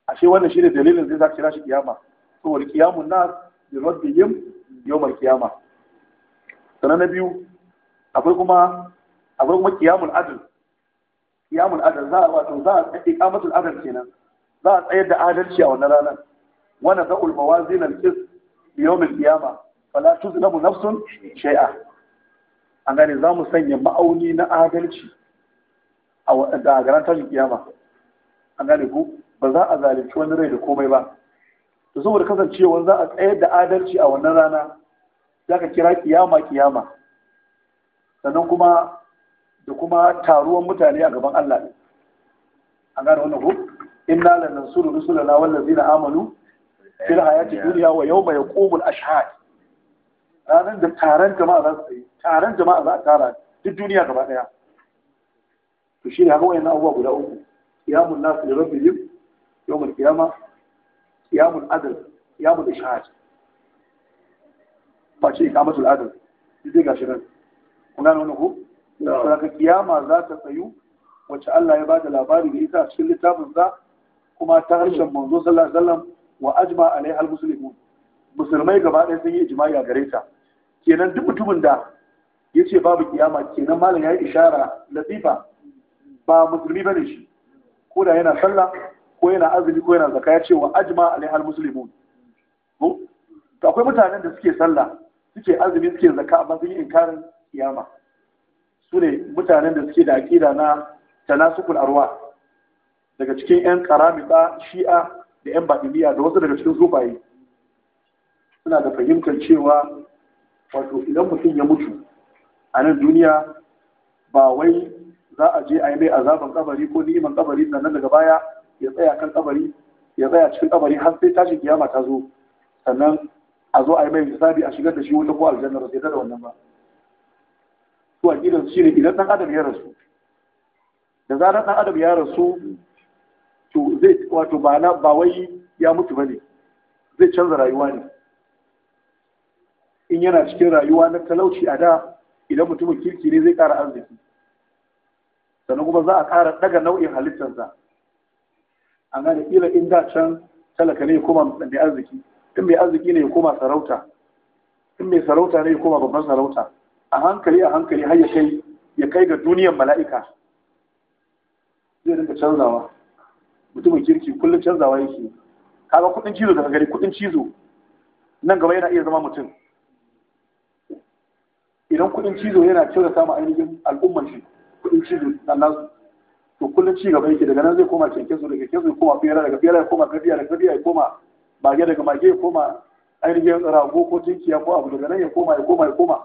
ashe wannan shi ne dalilin zai za kira shi kiyama saboda kiyamun nas bi rabbihim yawmal qiyamah sanan na biyu akwai kuma akwai kuma qiyamul adl qiyamul adl za a wato za a tsaye qamatul adl kenan za a tsayar da adalci a wannan ranar wa nada'ul mawazin al qis bi yawmil qiyamah fala tuzlamu nafsun shay'a an gane za mu sanya ma'auni na adalci a ranar garantar kiyama an gane ku ba za a zalunci wani rai da komai ba to saboda kasancewa za a tsayar da adalci a wannan rana za ka kira kiyama kiyama sannan kuma da kuma taruwan mutane a gaban Allah ne an gane wannan ko inna na rusulana wallazina amanu fil hayati dunya wa yawma yaqumul ashhad ranar da taron jama'a za su yi taron jama'a za a tara duk duniya gaba daya to shi ne haka wayannan abubuwa guda uku qiyamul nas li rabbihim yawmal qiyamah qiyamul adl qiyamul ba ce nan kiyama za ta tsayu wacce Allah ya bada labari da ita cikin littafin sa kuma ta harshen manzo sallallahu alaihi wasallam wa ajma alaiha almuslimun musulmai gaba ɗaya sun yi jima'i a gare ta kenan duk mutumin da ya ce babu kiyama kenan malam ya yi ishara latifa ba musulmi bane shi ko da yana sallah ko yana azumi ko yana zakka ya ce wa ajma alaihal muslimun ko to akwai mutanen da suke sallah suke azumi suke zakka amma sun yi inkarin kiyama su ne mutanen da suke da aqida na tanasukul arwa daga cikin yan karamita shi'a da yan batiniya da wasu daga cikin zubaye suna da fahimtar cewa wato idan mutum ya mutu a nan duniya ba wai za a je a yi mai azaban kabari ko ni'iman kabari sannan daga baya ya tsaya kan kabari ya tsaya cikin kabari har sai tashin kiyama ta zo sannan a zo a yi mai hisabi a shigar da shi wata ko aljanna ba sai da wannan ba to a gidan shi ne idan dan adam ya rasu da zarar dan adam ya rasu to zai wato ba na ba wai ya mutu bane zai canza rayuwa ne in yana cikin rayuwa na talauci a da idan mutumin kirki ne zai kara arziki sannan kuma za a kara daga nau'in halittarsa amma da kila in da can talaka ne ya koma mai arziki in mai arziki ne ya koma sarauta in mai sarauta ne ya koma babban sarauta a hankali a hankali har ya kai ya kai ga duniyar mala'ika zai rinka canzawa mutumin kirki kullum canzawa yake kaga kudin cizo daga gari kudin cizo nan gaba yana iya zama mutum idan kudin cizo yana kyautata ma ainihin al'ummar shi kudin cizo na nasu to kullum ci gaba yake daga nan zai koma kyankyaso daga kesu ya koma fera daga fera ya koma kafiya daga kafiya ya koma mage daga mage ya koma ainihin rago ko tinkiya ko abu daga nan ya koma ya koma ya koma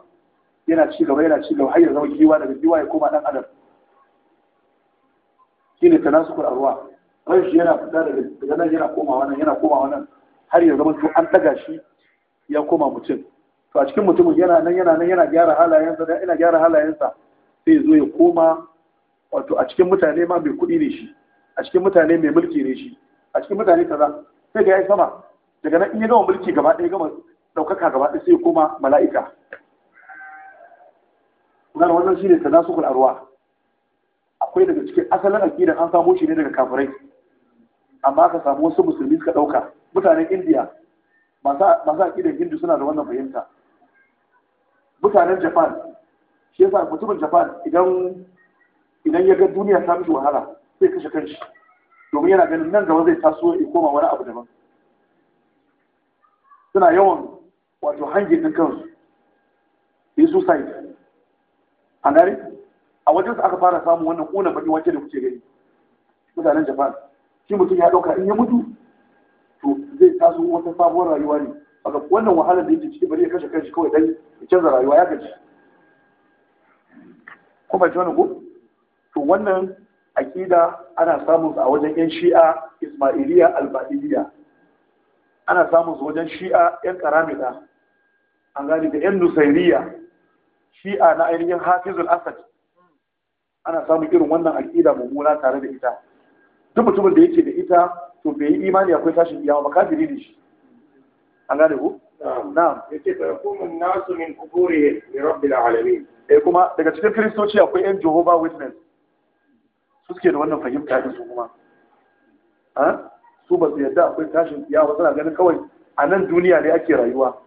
yana ci gaba yana ci gaba har ya zama giwa daga giwa ya koma dan adam shine tanasukul arwa rashi yana fita daga daga nan yana komawa nan yana komawa nan har ya zama to an daga shi ya koma mutum to a cikin mutumin yana nan yana nan yana gyara halayensa da yana gyara halayensa sai zo ya koma wato a cikin mutane ma mai kuɗi ne shi a cikin mutane mai mulki ne shi a cikin mutane kaza sai ga ya sama daga nan in ya gama mulki gaba ɗaya gama ɗaukaka gaba ɗaya sai kuma mala'ika kuma wannan shine su arwa akwai daga cikin asalin aqidar an samo shi ne daga kafirai amma aka samu wasu musulmi suka ɗauka mutanen indiya masu aqidar hindu suna da wannan fahimta mutanen japan shi yasa mutumin japan idan idan ya ga duniya ta mishi wahala sai kashe kanshi domin yana ganin nan gaba zai taso ya koma wani abu daban suna yawan wato hange din kansu su sai a gari, a wajen su aka fara samun wannan kona baki wace da kuke gani mutanen japan shi mutum ya dauka in ya mutu to zai taso wata sabuwar rayuwa ne daga wannan wahalar da yake ciki bari ya kashe kanshi kawai dan ya canza rayuwa ya gaji kuma ji wani ko to wannan aƙida ana samun a wajen yan shi'a ismailiya alba'iliya ana samun su wajen shi'a yan ƙaramida, an gani da yan nusairiya shi'a na ainihin hafizul asad ana samun irin wannan aƙida mummuna tare da ita duk mutumin da yake da ita to bai yi imani akwai tashin iyawa ba kafiri ne shi an gane ku na'am yace fa yakumu nasu min quburi rabbil alamin eh kuma daga cikin kristoci akwai yan jehovah witness suke da wannan fahimta da su kuma su ba su yadda akwai tashin ya wasu na ganin kawai a nan duniya ne ake rayuwa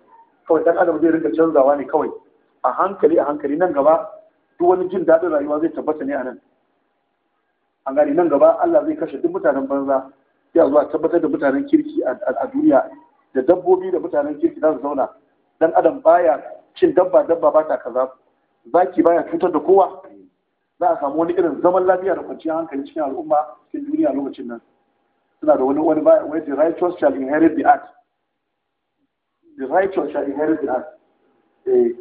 kawai ɗan adam zai rinka canzawa ne kawai a hankali a hankali nan gaba duk wani jin daɗin rayuwa zai tabbata ne a nan an gani nan gaba Allah zai kashe duk mutanen banza sai a zuwa tabbatar da mutanen kirki a duniya da dabbobi da mutanen kirki za su zauna dan adam baya cin dabba dabba ba ta kaza zaki baya cutar da kowa za a samu wani irin zaman lafiya da kwanciyar hankali cikin al'umma cikin duniya lokacin nan suna da wani wani bayan wani the righteous shall inherit the earth the righteous shall inherit the earth eh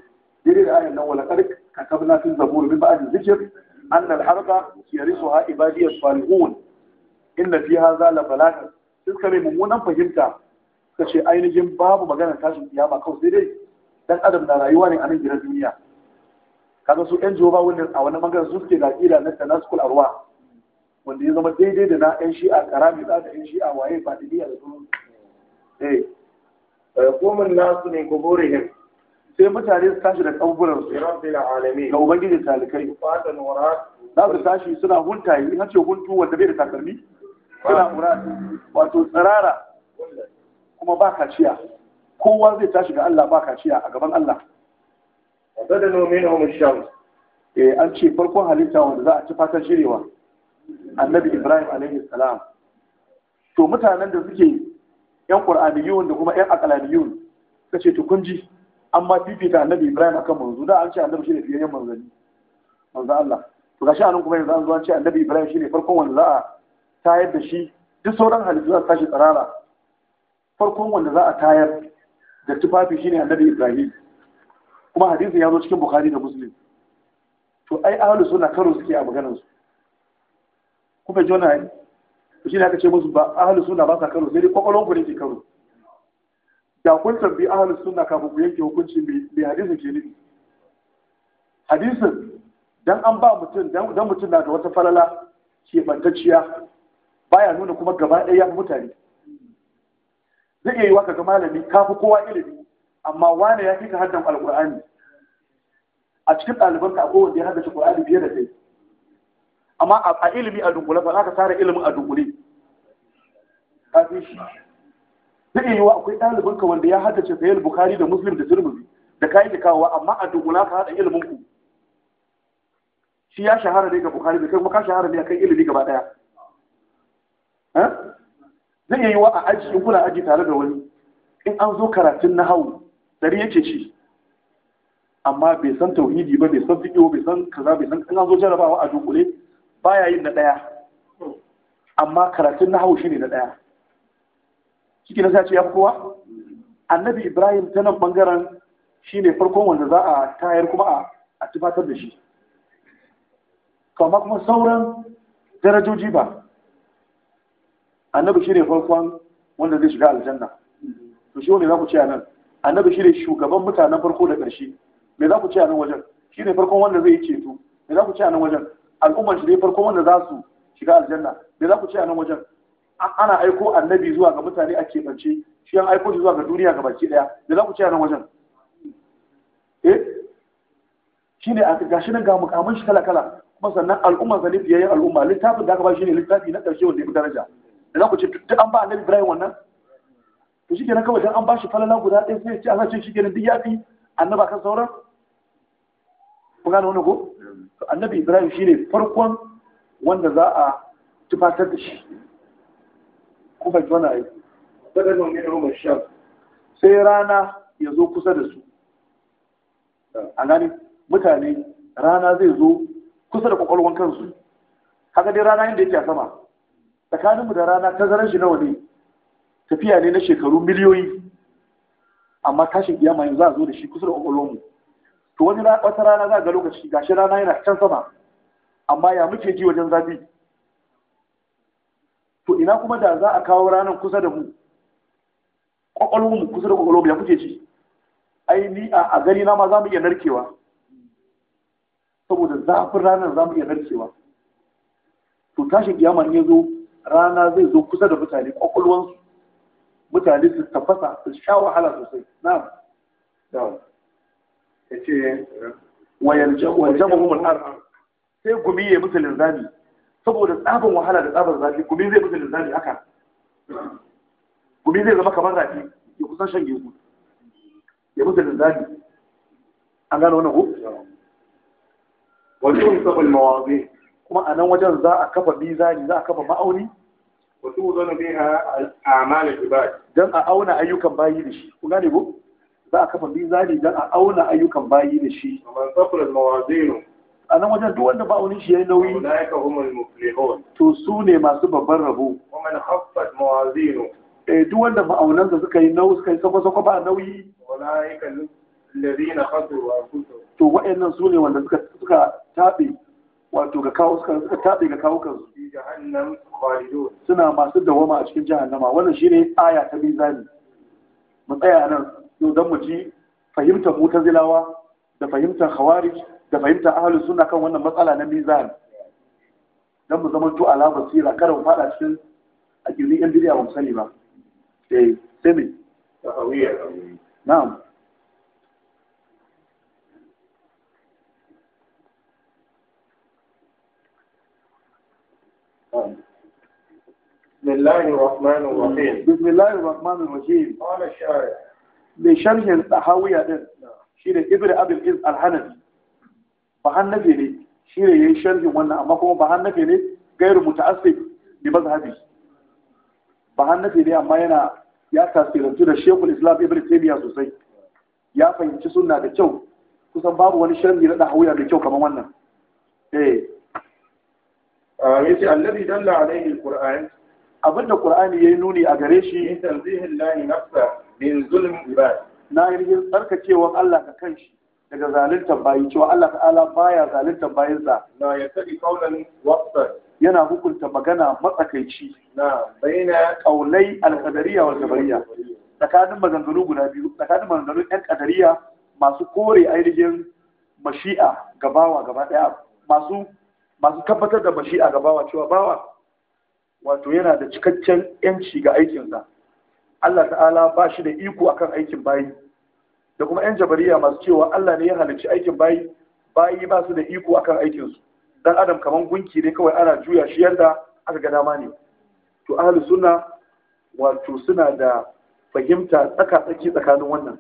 dire da ayan nan wala kad katabna fi zabur min ba'd dhikr an al harqa yarisuha ibadiy salihun inna fi hadha la balaga sun kare mummunan fahimta suka ce ainihin babu magana tashin kiyama kawai sai dai dan adam na rayuwa ne a nan gidan duniya kaga su yan jehova wannan a wani magana su suke da aqida na tanaskul arwa wanda ya zama daidai da na yan shi'a karami da yan shi'a waye fadiliya da su eh yaqumun nasu min kuburihim sai mutane su tashi da kaburan su rabbil alamin ga ubangiji talikai fatan warat za su tashi suna huntaye in ce huntu wanda bai da takalmi suna murat wato tsirara kuma ba kaciya kowa zai tashi ga Allah ba kaciya a gaban Allah da minhum ash-shams eh an ce farkon halitta wanda za a ci fatan shirewa annabi ibrahim alaihi salam to mutanen da suke yan qur'aniyun da kuma yan aqlaniyun kace to kun ji amma fifita annabi ibrahim akan manzo da an ce annabi shine fiyayyen manzanni manzo Allah to gashi anan kuma yanzu an zo an ce annabi ibrahim shine farkon wanda za a tayar da shi duk sauran halittu za su tashi tsirara farkon wanda za a tayar da tufafi shine annabi ibrahim kuma hadisi ya zo cikin bukhari da muslim to ai ahlu sunna karo suke a maganar su kuma jona ne shi ne aka ce musu ba ahlu sunna ba sa karo sai dai kwakwalon ku ne ke karo da kun tambayi ahlu sunna kafin ku yanke hukunci mai hadisin ke nufi hadisin dan an ba mutum dan mutum na da wata falala ke bantacciya baya nuna kuma gaba daya mutane zai iya yi wa ga malami kafi kowa ilimi amma wane ya fika haddan alqur'ani a cikin ɗalibanka akwai wanda ya haddace Al-ƙur'ani fiye da kai amma a ilimi a dunkule ba za ka tara ilimin a dunkule kafin shi zai yi wa akwai ɗalibinka wanda ya haddace sayar bukari da muslim da turmuzi da kayan da kawowa amma a dunkula ka haɗa ilimin ku shi ya shahara ne ga bukari da kai kuma ka shahara ne a kan ilimi gaba ɗaya eh? zai yi wa a aji in kuna aji tare da wani in an zo karatun na hau ɗari yake ci amma bai san tauhidi ba bai san fiƙo bai san kaza bai san in an zo jarabawa a dunkule baya yin na ɗaya amma karatun na hau shine na ɗaya ciki na ce ya kowa annabi ibrahim ta nan bangaren shine farkon wanda za a tayar kuma a tufatar da shi kama kuma sauran darajoji ba annabi shine farkon wanda zai shiga aljanna to shi wani za ku ce a nan annabi shi ne shugaban mutanen farko da ƙarshe me za ku ce a nan wajen shi ne farkon wanda zai ceto me za ku ce a nan wajen al'ummar shi ne farkon wanda za su shiga aljanna me za ku ce a nan wajen ana aiko annabi zuwa ga mutane a keɓance shi an aiko shi zuwa ga duniya ga baki ɗaya me za ku ce a nan wajen eh shi ne a gashi nan ga mukamin shi kala kala kuma sannan al'ummar sa ne fiyayyen al'umma littafin da aka ba shi ne littafi na ƙarshe wanda ya fi daraja me za ku ce duk an ba annabi ibrahim wannan to shi kenan kawai dan an bashi falala guda ɗaya sai ce ana ce shi kenan duk ya fi annaba kan sauran ku gane wani ko annabi ibrahim shi ne farkon wanda za a tufatar da shi ku ba jona ai sai rana ya zo kusa da su a gani mutane rana zai zo kusa da kwakwalwan kansu haka dai rana inda yake a sama tsakaninmu da rana tazarar shi nawa ne tafiya ne na shekaru miliyoyi amma tashin kiyama yanzu za a zo da shi kusa da kwakwalwarmu to wani wata rana za ga lokaci gashi rana yana can sama amma ya muke ji wajen zafi to ina kuma da za a kawo ranar kusa da mu kwakwalwarmu kusa da kwakwalwarmu ya muke ji ai ni a gani na ma za mu iya narkewa saboda zafin ranar za mu iya narkewa to tashin kiyama ne zo rana zai zo kusa da mutane kwakwalwansu mutane su tafasa su sha wahala sosai na'am ya ce waljabahum al sai gumi ya musu linzami saboda tsabin wahala da tsabin zafi gumi zai musu linzami haka gumi zai zama kamar zafi ya kusan shan gegu ya musu linzami an gano wannan ku wajen sabon mawazi kuma a nan wajen za a kafa mizani za a kafa ma'auni wasu a auna ayyukan bayi za kafa mizani a auna ayyukan bayi da shi man safara al a nan wajen duk wanda wani shi yi nauyi to su ne masu babban rabo eh duk wanda ba'unan da suka yi nauyi suka yi ba nauyi su ne wanda suka suka tabe wato ga kawo suka suka tabe ga kawo kansu fi jahannam khalidun suna masu dawama a cikin jahannama wannan shine aya ta mizani mu tsaya nan to dan mu ji fahimtar mutazilawa da fahimtar khawarij da fahimtar ahli sunna kan wannan matsala na mizani dan mu zama to ala basira kada mu fada cikin akidin yan bidiya ba mu sani ba eh sai tahawiyya na'am بسم الله الرحمن الرحيم بسم الله الرحمن الرحيم قال الشارع لشرح الطحاوية ده شيء ابن ابي الحنفي فحنفي ne shi ne yayin sharhin wannan amma kuma ba hannafe ne gairu muta'assib bi mazhabi ba hannafe ne amma yana ya tasirantu da Sheikhul Islam Ibn sosai ya fahimci sunna da kyau kusan babu wani sharhi na dahawiya da kyau kamar wannan eh ah, yace alladhi dalla alayhi alquran Abin ƙura'ani qur'ani yi nuni a gare shi na nafsa min zulm na yin tsarkakewan Allah ka kan shi daga zaluntar bayi cewa Allah ta'ala baya zaluntar bayinsa na ya tadi qaulan waqtan yana hukunta magana matsakaici na baina qaulai al wa wal tsakanin maganganu guda biyu tsakanin maganganun yan kadariya masu kore ainihin mashi'a ga bawa gaba daya masu masu tabbatar da mashi'a ga bawa cewa bawa wato yana da cikakken yanci ga aikinsa Allah ta'ala ba shi da iko akan aikin bayi da kuma yan jabariya masu cewa Allah ne ya halicci aikin bayi bayi ba su da iko akan aikinsu dan adam kaman gunki ne kawai ana juya shi yadda aka ga dama ne to ahli sunna wato suna da fahimta tsaka-tsaki tsakanin wannan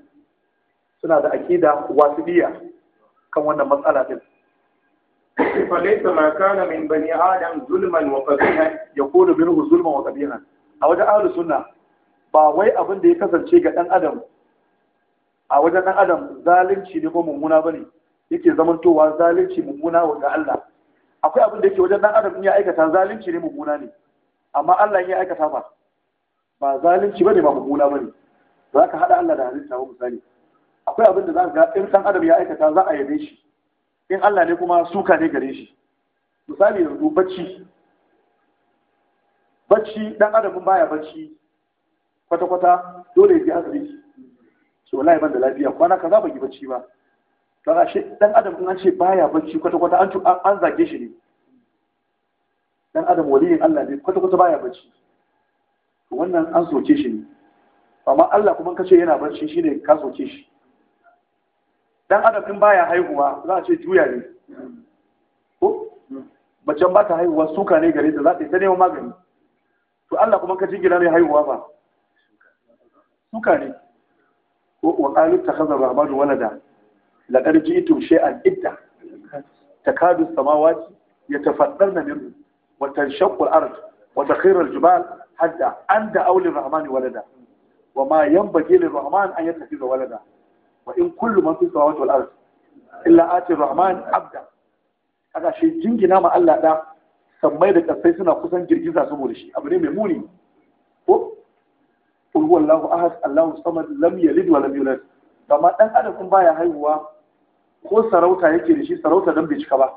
suna da aƙida wasiɗiya kan wannan matsala din فليس ما كان من بني آدم ظلما وقبيحا يقول منه ظلما وقبيحا a wajen ahlu sunna ba wai abin da ya kasance ga dan adam a wajen dan adam zalunci ne ko mummuna bane yake zamantowa zalunci mummuna wa ga Allah akwai abin da yake wajen dan adam in ya aikata zalunci ne mummuna ne amma Allah ya aikata ba ba zalunci bane ba mummuna bane za ka hada Allah da halitta ba misali akwai abin da za ka ga in dan adam ya aikata za a yabe shi in Allah ne kuma suka ne gare shi misali yanzu bacci bacci dan adamin baya bacci kwata-kwata dole ya je asibiti so wallahi ban da lafiya kwana kaza ba ki bacci ba kaga shi dan adam in an ce baya bacci kwata-kwata an an zage shi ne dan adam waliyin Allah ne kwata-kwata baya bacci wannan an soke shi ne amma Allah kuma kace yana bacci shine ka soke shi dan adam din baya haihuwa za a ce juya ne ko macen ba ta haihuwa suka ne gare ta za ta yi neman magani to Allah kuma ka jingina ne haihuwa ba suka ne wa qalu takhadha rahmanu walada laqad ji'tum shay'an idda takadu samawati yatafaddalna minhu wa tanshaqqu al-ard wa takhiru al-jibal hatta anda awli rahmani walada wa ma yanbaghi lir-rahman an yattakhidha walada wa in kullu man fi samawati wal ard illa ati rahman abda kaga shi jingina ma Allah da sammai da kasai suna kusan girgiza saboda shi abu ne mai muni ko qul huwallahu ahas! allahu samad lam yalid wa lam yulad amma ɗan adam kun baya haihuwa ko sarauta yake da shi sarauta dan bai cika ba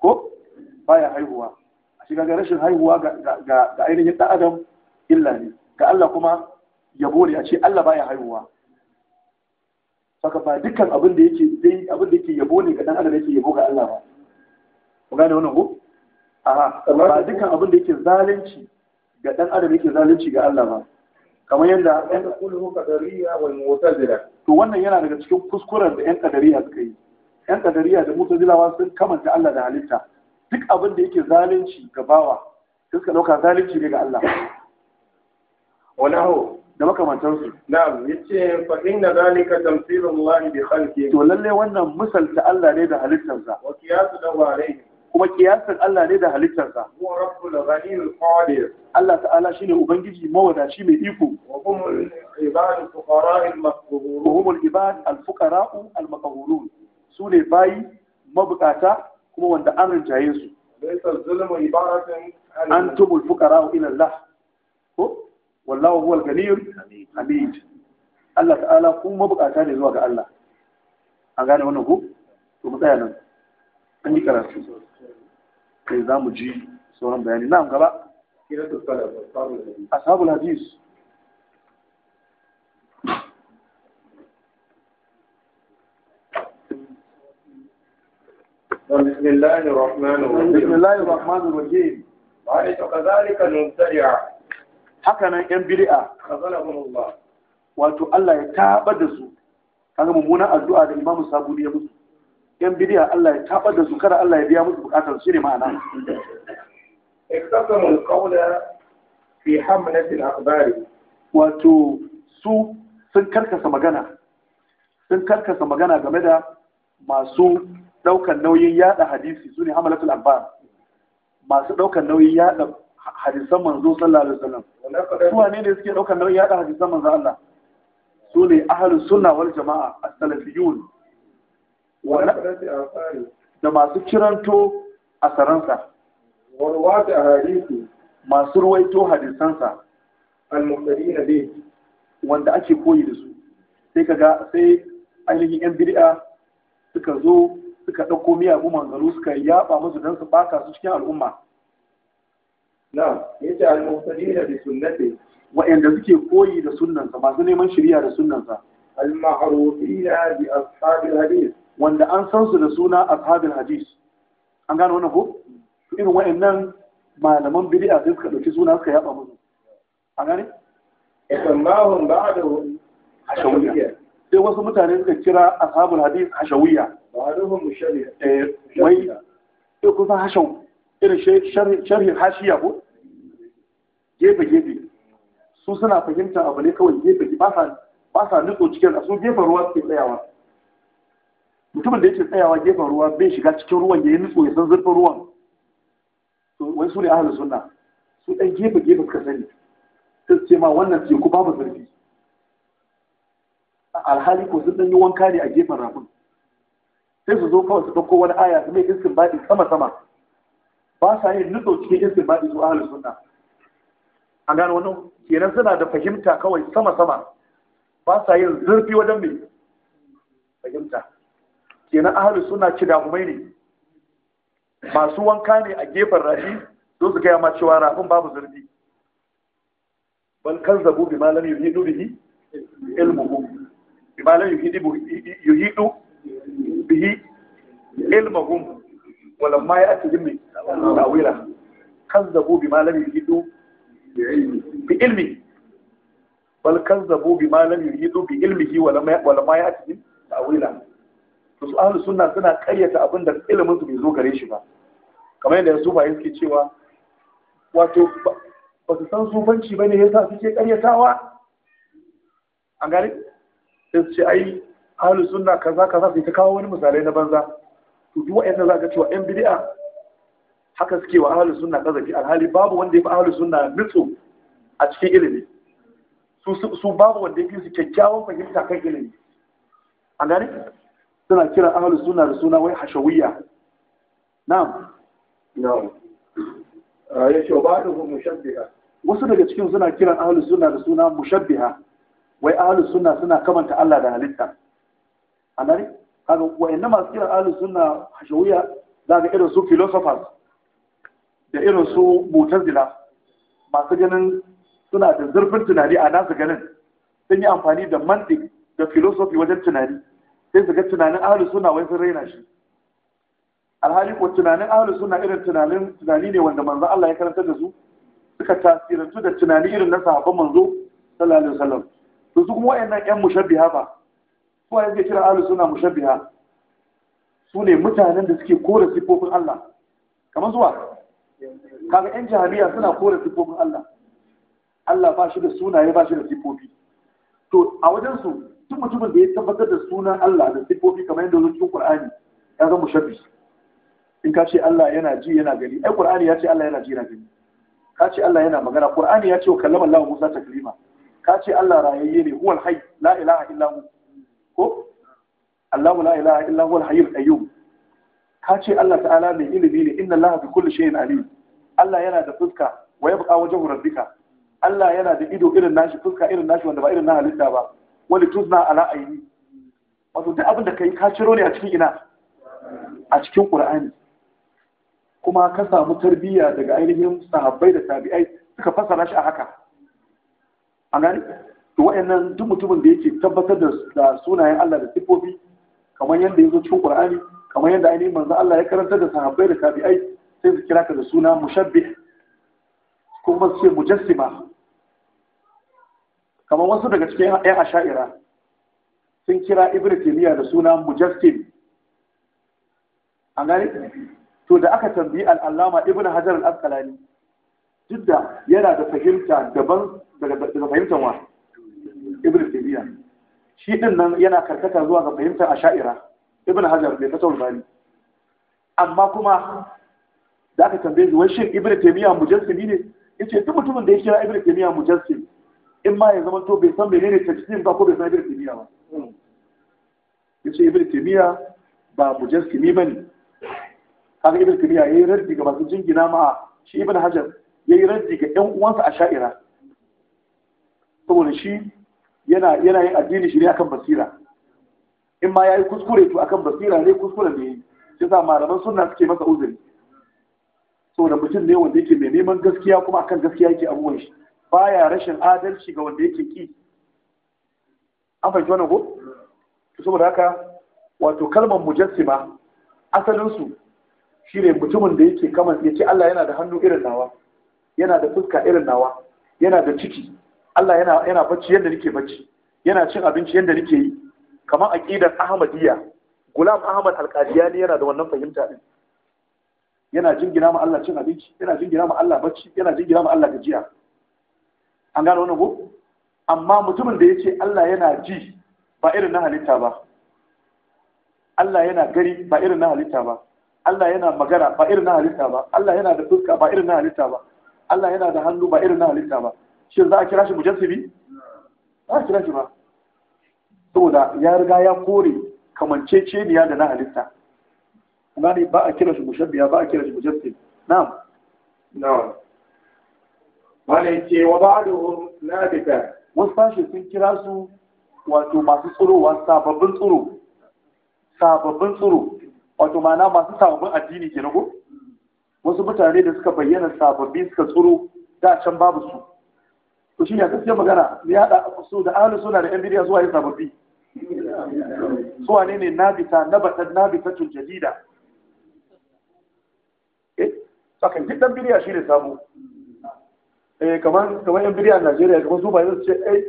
ko baya haihuwa a shiga kaga rashin haihuwa ga ainihin dan adam illa ne ga Allah kuma yabo ne a ce Allah baya haihuwa Saka ba dukkan abin da yake dai abin da yake yabo ne ga dan adam yake yabo ga Allah ba. Ku gane wannan ko? Aha, ba dukkan abin da yake zalunci ga dan adam yake zalunci ga Allah ba. Kamar yadda ɗan kulhu qadariya wa mu'tazila. To wannan yana daga cikin kuskuren da ƴan qadariya suka yi. ƴan qadariya da mu'tazilawa sun kamanta Allah da halitta. Duk abin da yake zalunci ga bawa, suka ɗauka zalunci ne ga Allah. Wala da makamantansu na'am yace fa inna zalika tamthilu Allah bi khalqi. to lalle wannan misalta Allah ne da halittarsa wa qiyasu da warai kuma kiyasin Allah ne da halittarsa huwa rabbul ghaniyul qadir Allah ta'ala shine ubangiji mawadaci mai iko wa humul ibadu fuqara'il maqhurun humul ibad al fuqara'u al maqhurun sune bayi mabukata kuma wanda an rinjaye su laysa zulmu ibaratan antumul fuqara'u ila Allah ko wallahu huwal ganiyul hamid Allah ta'ala kun mabukata ne zuwa ga Allah an gane wannan ku? to mu tsaya nan an yi karatu kai za mu ji sauran bayani na gaba ashabul hadis بسم الله الرحمن الرحيم بسم الله الرحمن الرحيم وعليك كذلك المبتدع haka nan yan bid'a wato Allah ya taɓa da su kaga mummunan addu'a da Imam Sabuni ya musu yan bid'a Allah ya taɓa da su kada Allah ya biya musu bukatar shi ne ma'ana iktasamu qawla fi hamlat al wato su sun karkasa magana sun karkasa magana game da masu daukan nauyin yada hadisi su ne hamlatul akhbar masu daukan nauyin yada hadisan manzo sallallahu alaihi wasallam su wane ne suke daukar nauyi yada hadisan manzo Allah su ne ahlus sunna wal jama'a as-salafiyun da masu kiranto asaransa warwati ahadisi masu ruwaito sa al-muqtadina bi wanda ake koyi da su sai kaga sai ainihin yan bid'a suka zo suka ɗauko miyagun manzaro suka yaba musu dan su baka su cikin al'umma na'am yace al-muhtadina bi sunnati wa'anda suke koyi da sunnansa masu neman shari'a da sunnansa al-ma'rufina bi ashabil hadith wanda an san su da suna ashabil hadith an gane wannan ko irin wa'annan malaman bid'a sai suka dauki suna suka yaba musu an gane ismahum ba'dahu ashawiyya sai wasu mutane suka kira ashabul hadith ashawiyya ba'dahum mushawiyya eh wai sai kusa hashaw irin sharhin hashiya ko gefe gefe su suna fahimta abu ne kawai gefe ba sa nutso cikin sun gefen ruwa suke tsayawa mutumin da yake tsayawa gefen ruwa bai shiga cikin ruwan ya yi nutso ya san zurfin ruwan wai su ne ahalin suna su ɗan gefe gefe suka sani su ce ma wannan teku babu zurfi alhali ko sun ɗan yi wanka ne a gefen rafin sai su zo kawai su ɗauko wani aya su mai iskin baɗi sama sama ba sa yin nutso cikin istinbadi su ahlus Suna. A gano wani kenan suna da fahimta kawai sama sama ba sa yin zurfi wajen mai fahimta kenan suna ci damumai ne masu wanka ne a gefen rafi don su gaya ma cewa rafin babu zurfi zabu bi malam lam yuhidu bihi ilmuhu Bi malam lam yuhidu bihi ilmuhu. walamma ya ake jimmi tawila kazzabu bima lam yuhidu bi ilmi bal kazzabu bima lam yuhidu bi ilmihi walamma walamma ya ake jimmi tawila to su ahlus sunna suna karyata abin da ilimin su bai zo gare shi ba kamar yadda su bayan suke cewa wato ba su san sufanci ba ne yasa suke karyatawa an gane sai su ce ai ahlus sunna kaza kaza sai ta kawo wani misalai na banza to duk wa'annan za ka cewa yan bid'a haka suke wa suna sunna kazafi alhali babu wanda ya fi ahlus suna nutso a cikin ilimi su babu wanda ya fi su kyakkyawan fahimta kan ilimi A gani suna kira ahlus suna da suna wai hashawiyya na'am na'am ya ce ba da mushabbiha wasu daga cikin suna kiran ahlus suna da suna mushabbiha wai ahlus suna suna kamanta Allah da halitta A gani kaga wayannan masu kiran ahlus sunna hashawiyya ga irin su philosophers da irin su mutazila masu ganin suna da zurfin tunani a nasu ganin sun yi amfani da mantik da philosophy wajen tunani sai su ga tunanin ahlus sunna wai sun raina shi alhali ko tunanin ahlus sunna irin tunanin tunani ne wanda manzo Allah ya karanta da su suka tasirantu da tunani irin na sahabban manzo sallallahu alaihi wasallam to su kuma wayannan yan mushabbiha ba su ne suke kira ahlus sunna mushabbiha su ne mutanen da suke kore sifofin Allah kamar zuwa kaga yan jahiliya suna kore sifofin Allah Allah ba shi da sunaye ba shi da sifofi to a wajen su duk mutumin da ya tabbatar da sunan Allah da sifofi kamar yadda zo cikin Qur'ani ya zama mushabbih in ka ce Allah yana ji yana gani ai Qur'ani ya ce Allah yana ji yana gani ka ce Allah yana magana Qur'ani ya ce wa kallama Allah Musa taklima ka ce Allah rayayye ne huwal hayy la ilaha illa hu ko Allahu la ilaha illa huwal hayyul qayyum ka ce Allah ta'ala mai ilimi ne inna Allah bi kulli shay'in alim Allah yana da fuska wa yabqa wajhu rabbika Allah yana da ido irin nashi fuska irin nashi wanda ba irin na halitta ba wani tuzna ala aini wato duk abin da kai ka ciro ne a cikin ina a cikin Qur'ani kuma ka samu tarbiyya daga ainihin sahabbai da tabi'ai suka fassara shi a haka a gani to wa'annan duk mutumin da yake tabbatar da sunayen Allah da sifofi kamar yadda ya zo cikin Qur'ani kamar yadda ainihin manzo Allah ya karanta da sahabbai da tabi'ai sai su kira ka da suna mushabbih kuma su ce mujassima kamar wasu daga cikin ƴan asha'ira sun kira Ibn Taymiyyah da suna mujassim an gane to da aka tambayi al-Allama Ibn Hajar al-Asqalani duk da yana da fahimta daban daga fahimtar wasu ibn tabiya shi din nan yana karkata zuwa ga fahimtar asha'ira ibn hajar bai kasar bari amma kuma da aka tambaye shi wai shin ibn tabiya mujassimi ne yace duk mutumin da ya kira ibn tabiya mujassim in ma ya zama to bai san menene tajsim ba ko bai san ibn tabiya ba yace ibn tabiya ba mujassimi bane kaga ibn tabiya yayi raddi ga masu jingina ma shi ibn hajar yayi raddi ga ƴan uwansa asha'ira saboda shi yana yin addini shi ne akan basira in ma ya yi kuskure to akan basira ne kuskure ne. ya shi sa malaman sunna suke masa uzuri saboda mutum ne wanda yake mai neman gaskiya kuma akan gaskiya yake abubuwan shi baya rashin adalci ga wanda yake ki an fahimci wannan ko to saboda haka wato kalmar mujassima asalinsu, su shine mutumin da yake kamar yace Allah yana da hannu irin nawa yana da fuska irin nawa yana da ciki Allah yana yana bacci yadda nake bacci yana cin abinci yadda nake yi kamar aqidar Ahmadiyya Gulam Ahmad Al-Qadiyani yana da wannan fahimta din yana jingina ma Allah cin abinci yana jingina ma Allah bacci yana jingina ma Allah gajiya an gano wannan ko amma mutumin da yace Allah yana ji ba irin na halitta ba Allah yana gari ba irin na halitta ba Allah yana magana ba irin na halitta ba Allah yana da fuska ba irin na halitta ba Allah yana da hannu ba irin na halitta ba shi za a kira shi mujassibi za a kira shi ba saboda ya riga ya kore kamanceceniya da na halitta kuma ne ba a kira shi mushabbiya ba a kira shi mujassibi na'am na'am wani ce wa ba'aduhum nabita wasu sashi sun kira su wato masu tsirowa sababbin tsiro sababbin tsiro wato ma'ana masu sababbin addini ke nago wasu mutane da suka bayyana sababbi suka tsiro da can babu su to shi ne gaskiya magana ya ne a su da ahalin suna da yan bidiya zuwa yin sababbi zuwa ne ne nabita nabata tun jadida eh saka duk dan bidiya shi ne samu eh kamar kamar yan bidiya a Najeriya kuma su ba yanzu ce ai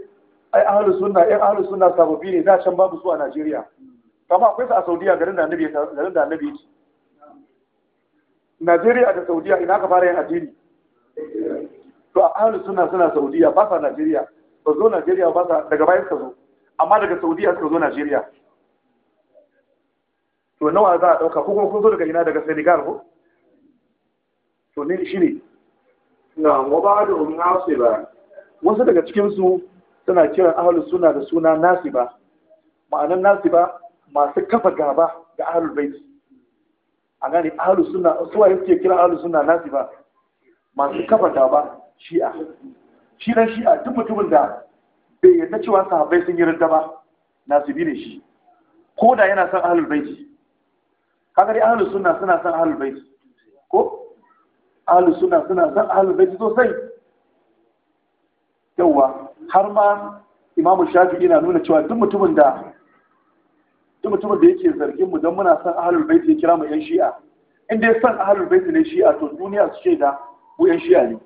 ai ahalin suna ai ahalin suna sababbi ne da can babu su a Najeriya kamar akwai su a Saudiya garin da annabi garin da annabi Najeriya da Saudiya ina ka fara yin addini to a ahalin suna suna saudiya ba sa najeriya ba zo najeriya ba sa daga baya ka zo amma daga saudiya suka zo najeriya to nawa za a ɗauka ko kuma kun zo daga ina daga senegal ko to ne shi ne na mubadun nasiba wasu daga cikinsu suna kiran ahalin suna da suna nasiba nasi nasiba masu kafa gaba ga bai su. a gane ahlus suna su waye suke kira suna nasi nasiba masu kafa gaba shi'a shi dan shi'a duk mutumin da bai yadda cewa sahabbai sun yi ridda ba nasibi ne shi ko da yana son ahlul baiti kaga dai ahlus sunna suna son ahlul baiti ko ahlus sunna suna son ahlul baiti sosai yawa har ma imamu shafi'i na nuna cewa duk mutumin da duk mutumin da yake zargin mu don muna son ahlul baiti ya kira mu yan shi'a in dai son ahlul baiti ne shi'a to duniya su ce da mu yan shi'a ne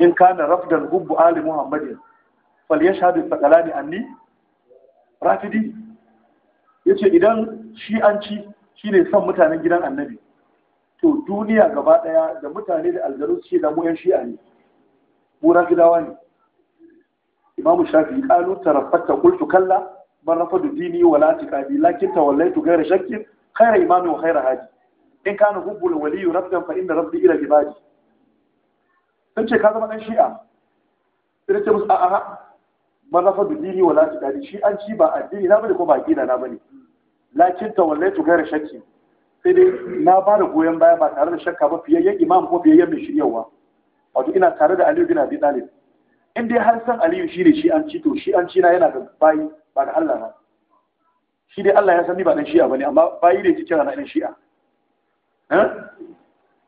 in kana rafdan hubbu ali muhammadin fal yashhadu saqalani anni rafidi yace idan shi an ci shine son mutanen gidan annabi to duniya gaba daya da mutane da aljaru ce da mu yan shi'a ne mu rafidawa ne imamu shafi qalu tarafatta qultu kalla man rafadu dini wala atiqadi lakin tawallaitu ghayra shakkin khayra imami wa khayra hadi in kana hubbu al-wali rabdan fa inna rabbi ila ibadi sun ce ka zama ɗan shi'a sai ce musu a'a marafa da dini wa lati dadi shi an ci ba addini na bane ko ba gina na bane lakin ta wallai tu gaira shakki sai dai na ba da goyon baya ba tare da shakka ba yan imam ko yan mai shiryawa wato ina tare da aliyu bin abi talib in dai har san aliyu shi ne shi an ci to shi an ci na yana da bayi ba da allah ba shi dai allah ya san ni ba ɗan shi'a bane amma bayi ne cikin na ɗan shi'a eh?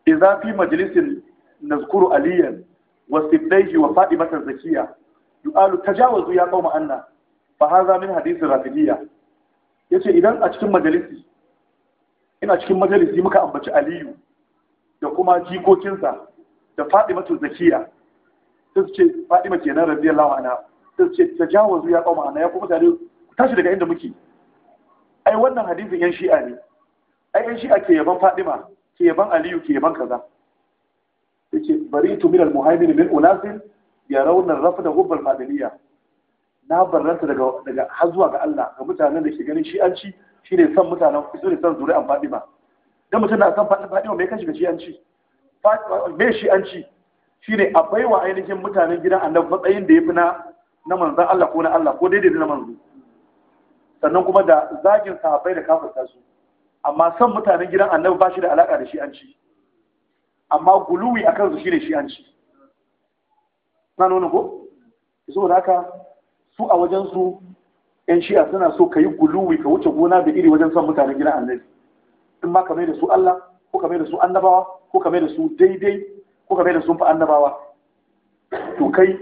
Iza fi majalisin nazkuru aliyan wa sibdaihi wa fadimatan zakiya yu'alu tajawazu ya qauma anna fa hadha min hadith rafidiyya yace idan a cikin majalisi ina cikin majalisi muka ambaci aliyu da kuma jikokinsa da fadimatu zakiya sai su ce fadima kenan radiyallahu anha sai su ce tajawazu ya qauma anna ya kuma tare tashi daga inda muke ai wannan hadisin yan shi'a ne ai yan shi'a ke yaban fadima ke yaban aliyu ke yaban kaza Bari tu min al-muhaimin min unasin rafa da hubbal fadiliya na barranta daga daga har zuwa ga Allah ga mutanen da ke ganin shi'anci shine san mutanen su ne san faɗi ba. dan mutum na san Fatima mai kashi ga shi'anci me ci shine a baiwa ainihin mutanen gidan annabi matsayin da yafi na na manzon Allah ko na Allah ko daidai da na manzo sannan kuma da zagin sahabbai da kafirta su amma san mutanen gidan annabi ba shi da alaka da shi an ci. amma guluwi a kansu shi ne shi'anci na nuna ko? saboda haka su a wajensu yan shi'a suna so ka yi guluwi ka wuce gona da iri wajen son mutanen gidan annabi in ma ka mai da su Allah ko ka mai da su annabawa ko ka mai da su daidai ko ka mai da sun fi annabawa to kai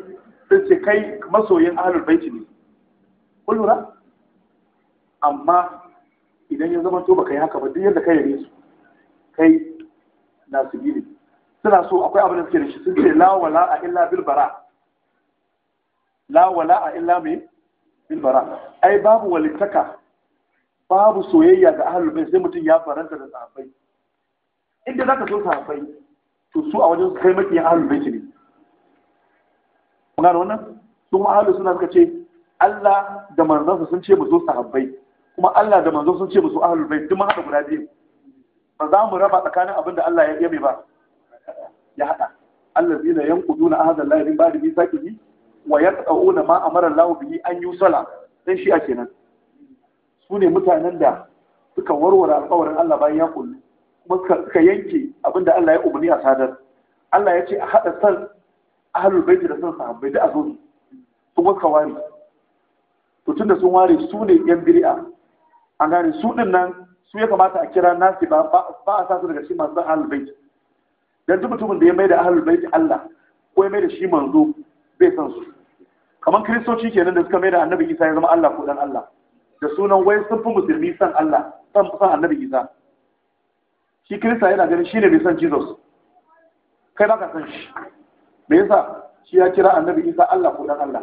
sun ce kai masoyin ahlul baiti ne kun lura amma idan ya zama to ka yi haka ba duk yadda kai yare su kai gini suna so akwai abin da suke da shi sun ce la wala a illa bilbara. Lawala la wala a illa me bilbara. ai babu walittaka babu soyayya ga ahlul bayt sai mutum ya faranta da sahabbai inda zaka so sahabbai to su a wajen kai maki ahlul bayt ne kuma wannan su ma ahlus suna suka ce Allah da manzansa sun ce mu zo sahabbai kuma Allah da manzon sun ce mu zo ahlul bayt duk mun haɗa guda biyu ba za mu raba tsakanin abin da Allah ya yabe ba ya hada na yanquduna lahi ba da ba'di mithaqihi wa na ma amara Allah bihi an sala. dan shi a kenan su ne mutanen da suka warware alƙawarin Allah bayan ya kullu kuma suka yanke abin da Allah ya umarni a sadar Allah ya ce a hada san ahlul baiti da san sahabbai da azumi kuma suka ware to tunda sun ware su ne yan bid'a an gane su din nan su ya kamata a kira nasi ba ba a sa su daga cikin masu san ahlul bait dan duk mutumin da ya mai da ahlul bait Allah ko ya mai da shi manzo bai san su kamar kristoci kenan da suka mai da annabi Isa ya zama Allah ko dan Allah da sunan wai sun fi musulmi san Allah san san annabi Isa shi krista yana ganin shi ne bai san Jesus kai ba ka san shi me yasa shi ya kira annabi Isa Allah ko dan Allah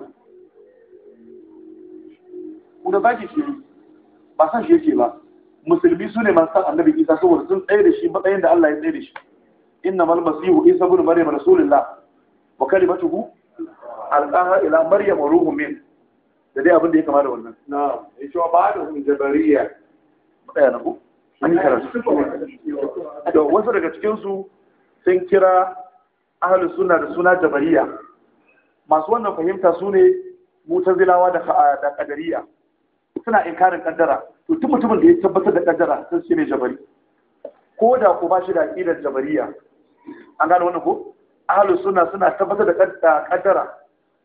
ku da zaki ba san shi yake ba musulmi su ne masu annabi isa saboda sun tsaye da shi matsayin da Allah ya tsaye da shi inna mal masihu isa bin maryam rasulullah wa kalimatuhu alqaha ila maryam wa ruhun min da dai abin da ya kama da wannan na'am ya ce ba da hum jabariya matsaya na ku an karatu da wasu daga cikin su sun kira ahlus sunna da suna jabariya masu wannan fahimta su ne mutazilawa da da qadariya suna inkarin kaddara to duk mutumin da ya tabbatar da kaddara sun shi mai jabari ko da ko ba shi da aqidar jabariya an gane wannan ko ahlus sunna suna tabbatar da kaddara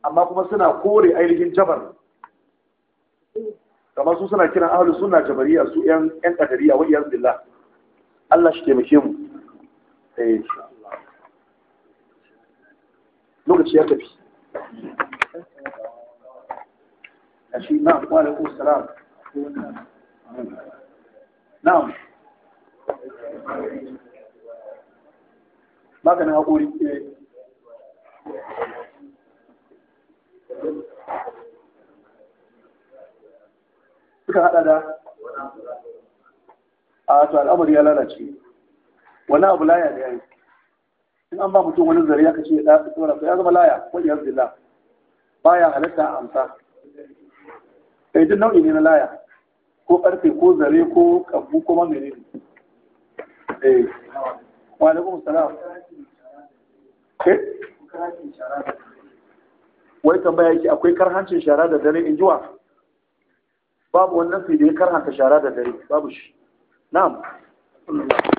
amma kuma suna kore ainihin jabar kamar su suna kiran ahlus sunna jabariya su yan yan qadariya wa iyaz billah Allah shi taimake mu eh lokaci ya tafi shi na salam maganin eh. suka haɗa da a al'amari ya lalace wani abu laya da yayi in an ba mutum wani zari ya ce ya ɗaɗa ya zama laya wani yanzu la baya halatta a amsa sai duk nau'i ne na laya ko karfe ko zare ko kafu ko mamere ne eh wa alaikum salam eh wai tambaya yake akwai karhancin shara da dare in jiwa babu wannan fi da ya karhanta shara da dare babu shi na'am